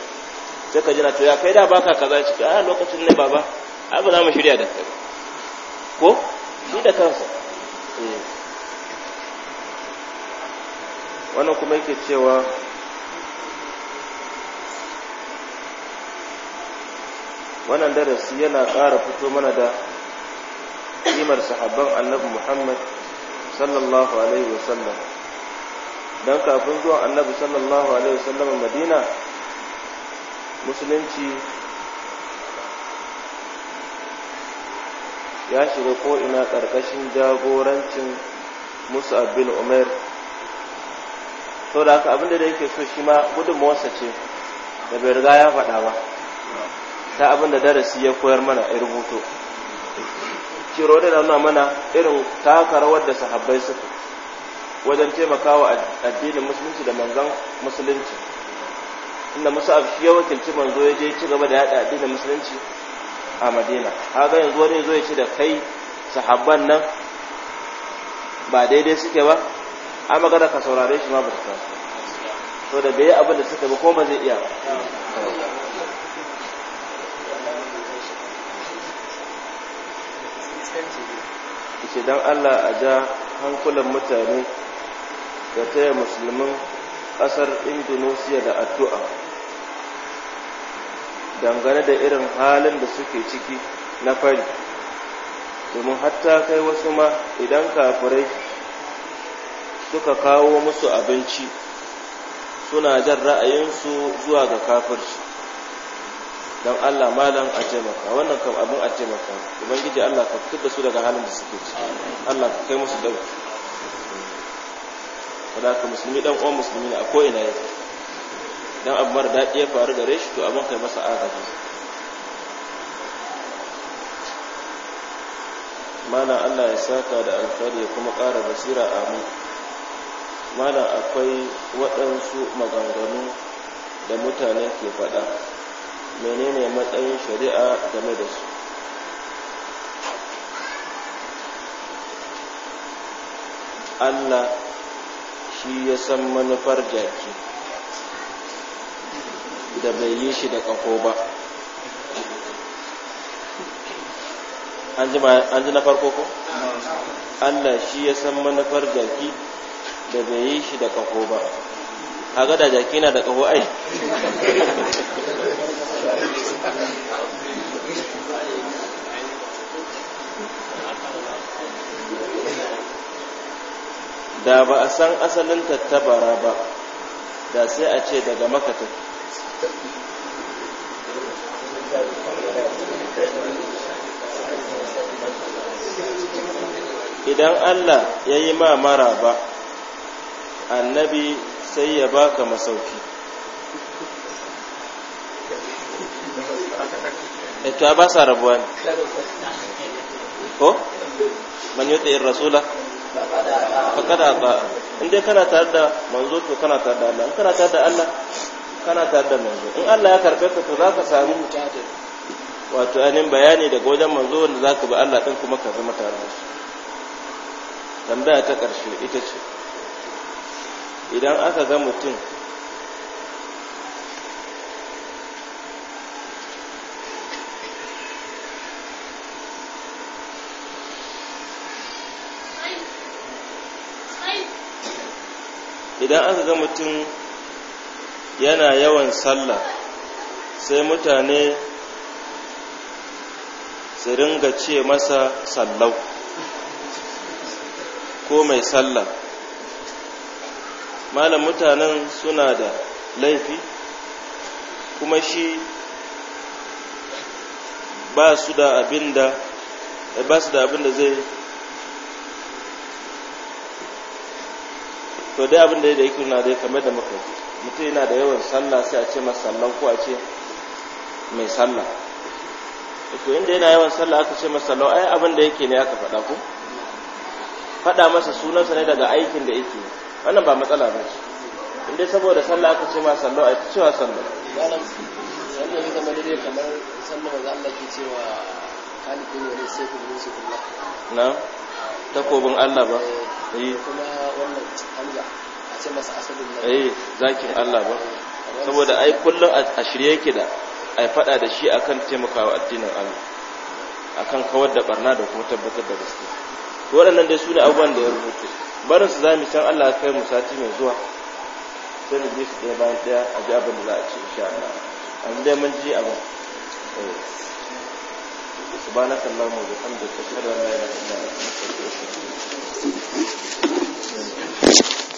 ka jina to ya kai da baka kaza ciki a ah, lokacin ne baba abu za mu shirya da kai ko shi da kansa eh. wannan kuma yake cewa wannan darasi yana ƙara fito mana da ƙimar sahabban annabi muhammad sallallahu alaihi wasallam don kafin zuwa annabi sallallahu alaihi wasallam madina musulunci ya shiga ko'ina ƙarƙashin jagorancin musa bin umar sau da haka abinda da yake so shi ma gudunmawarsa ce da bai riga ya faɗa ba ta abin darasi ya koyar mana a rubuto kiro da nuna mana irin taka rawar da sahabbai suka wajen taimakawa addinin musulunci da manzan musulunci inda musu shi ya wakilci manzo ya je ci gaba da yada addinin musulunci a madina ga yanzu wani zo ya ce da kai sahabban nan ba daidai suke ba a magana ka saurare shi ma ba su taso so da bai abin da suka ba ko ba zai iya ce don allah a ja hankulan mutane da taya musulmin ƙasar indonesia da addu'a dangane da irin halin da suke ciki na fari domin hatta kai wasu ma idan kafirai suka kawo musu abinci suna jan ra'ayinsu zuwa ga kafirci don Allah malam a taimaka wannan kam abin a taimaka ubangiji Allah ka fitar da su daga halin da suke ciki Allah ka kai musu dauki kada ka musulmi dan uwan musulmi ne a ko ina yake dan abu mara daɗi ya faru gare shi to abin kai masa agaji mana Allah ya saka da ya kuma ƙara basira amin mana akwai waɗansu maganganu da mutane ke faɗa menene matsayin shari'a game da su Allah shi ya san manufar jaki da bai yi shi da ƙaho ba an ji na farko ko? Allah shi ya san manufar jaki da bai yi shi da ƙaho ba a gada jaki na da ƙaho ai da ba a san asalin tattabara ba da sai a ce daga makata idan allah ya yi ma mara ba annabi sai ya baka masauki eh, to ba sa rabuwa ne ko man yi in rasula fa kada ba in dai kana tare da manzo to kana tare da Allah in kana tare da Allah kana tare da manzo in Allah ya karfe ka to zaka samu wato ainihin bayani daga wajen manzo wanda za ka bi Allah ɗin kuma ka zama tare da shi tambaya ta ƙarshe ita ce idan aka ga mutum idan aka ga mutum yana yawan sallah sai mutane su ringa ce masa sallau ko mai sallah malam mutanen suna da laifi kuma shi ba su da abin da ba su da abinda zai to dai abin da yake nuna dai kamar da muka mutum yana da yawan sallah sai a ce masallan ko a ce mai sallah to inda yana yawan sallah aka ce masallan ai abin da yake ne aka faɗa ko faɗa masa sunansa ne daga aikin da yake yi wannan ba matsala ba ce in dai saboda sallah aka ce ma sallo a cewa sallo malam sallah ne kamar dai kamar sallah manzo Allah ke cewa kalibin wani sai ku bin su billah na takobin Allah ba eh, eh kuma wannan hamza a ce masa asadin eh zakin Allah ba saboda ai kullum a shirye ke da ai faɗa da shi akan taimakawa addinin Allah akan kawar da barna da kuma tabbatar da gaskiya waɗannan dai su ne abubuwan da ya rubuta barin su zami can Allah kai mu sati mai zuwa sai mu ji su ɗaya bayan ɗaya a ji abin da za a ce insha Allah an dai mun ji abin سبحانك اللهم وبحمدك اشهد ان لا اله الا انت استغفرك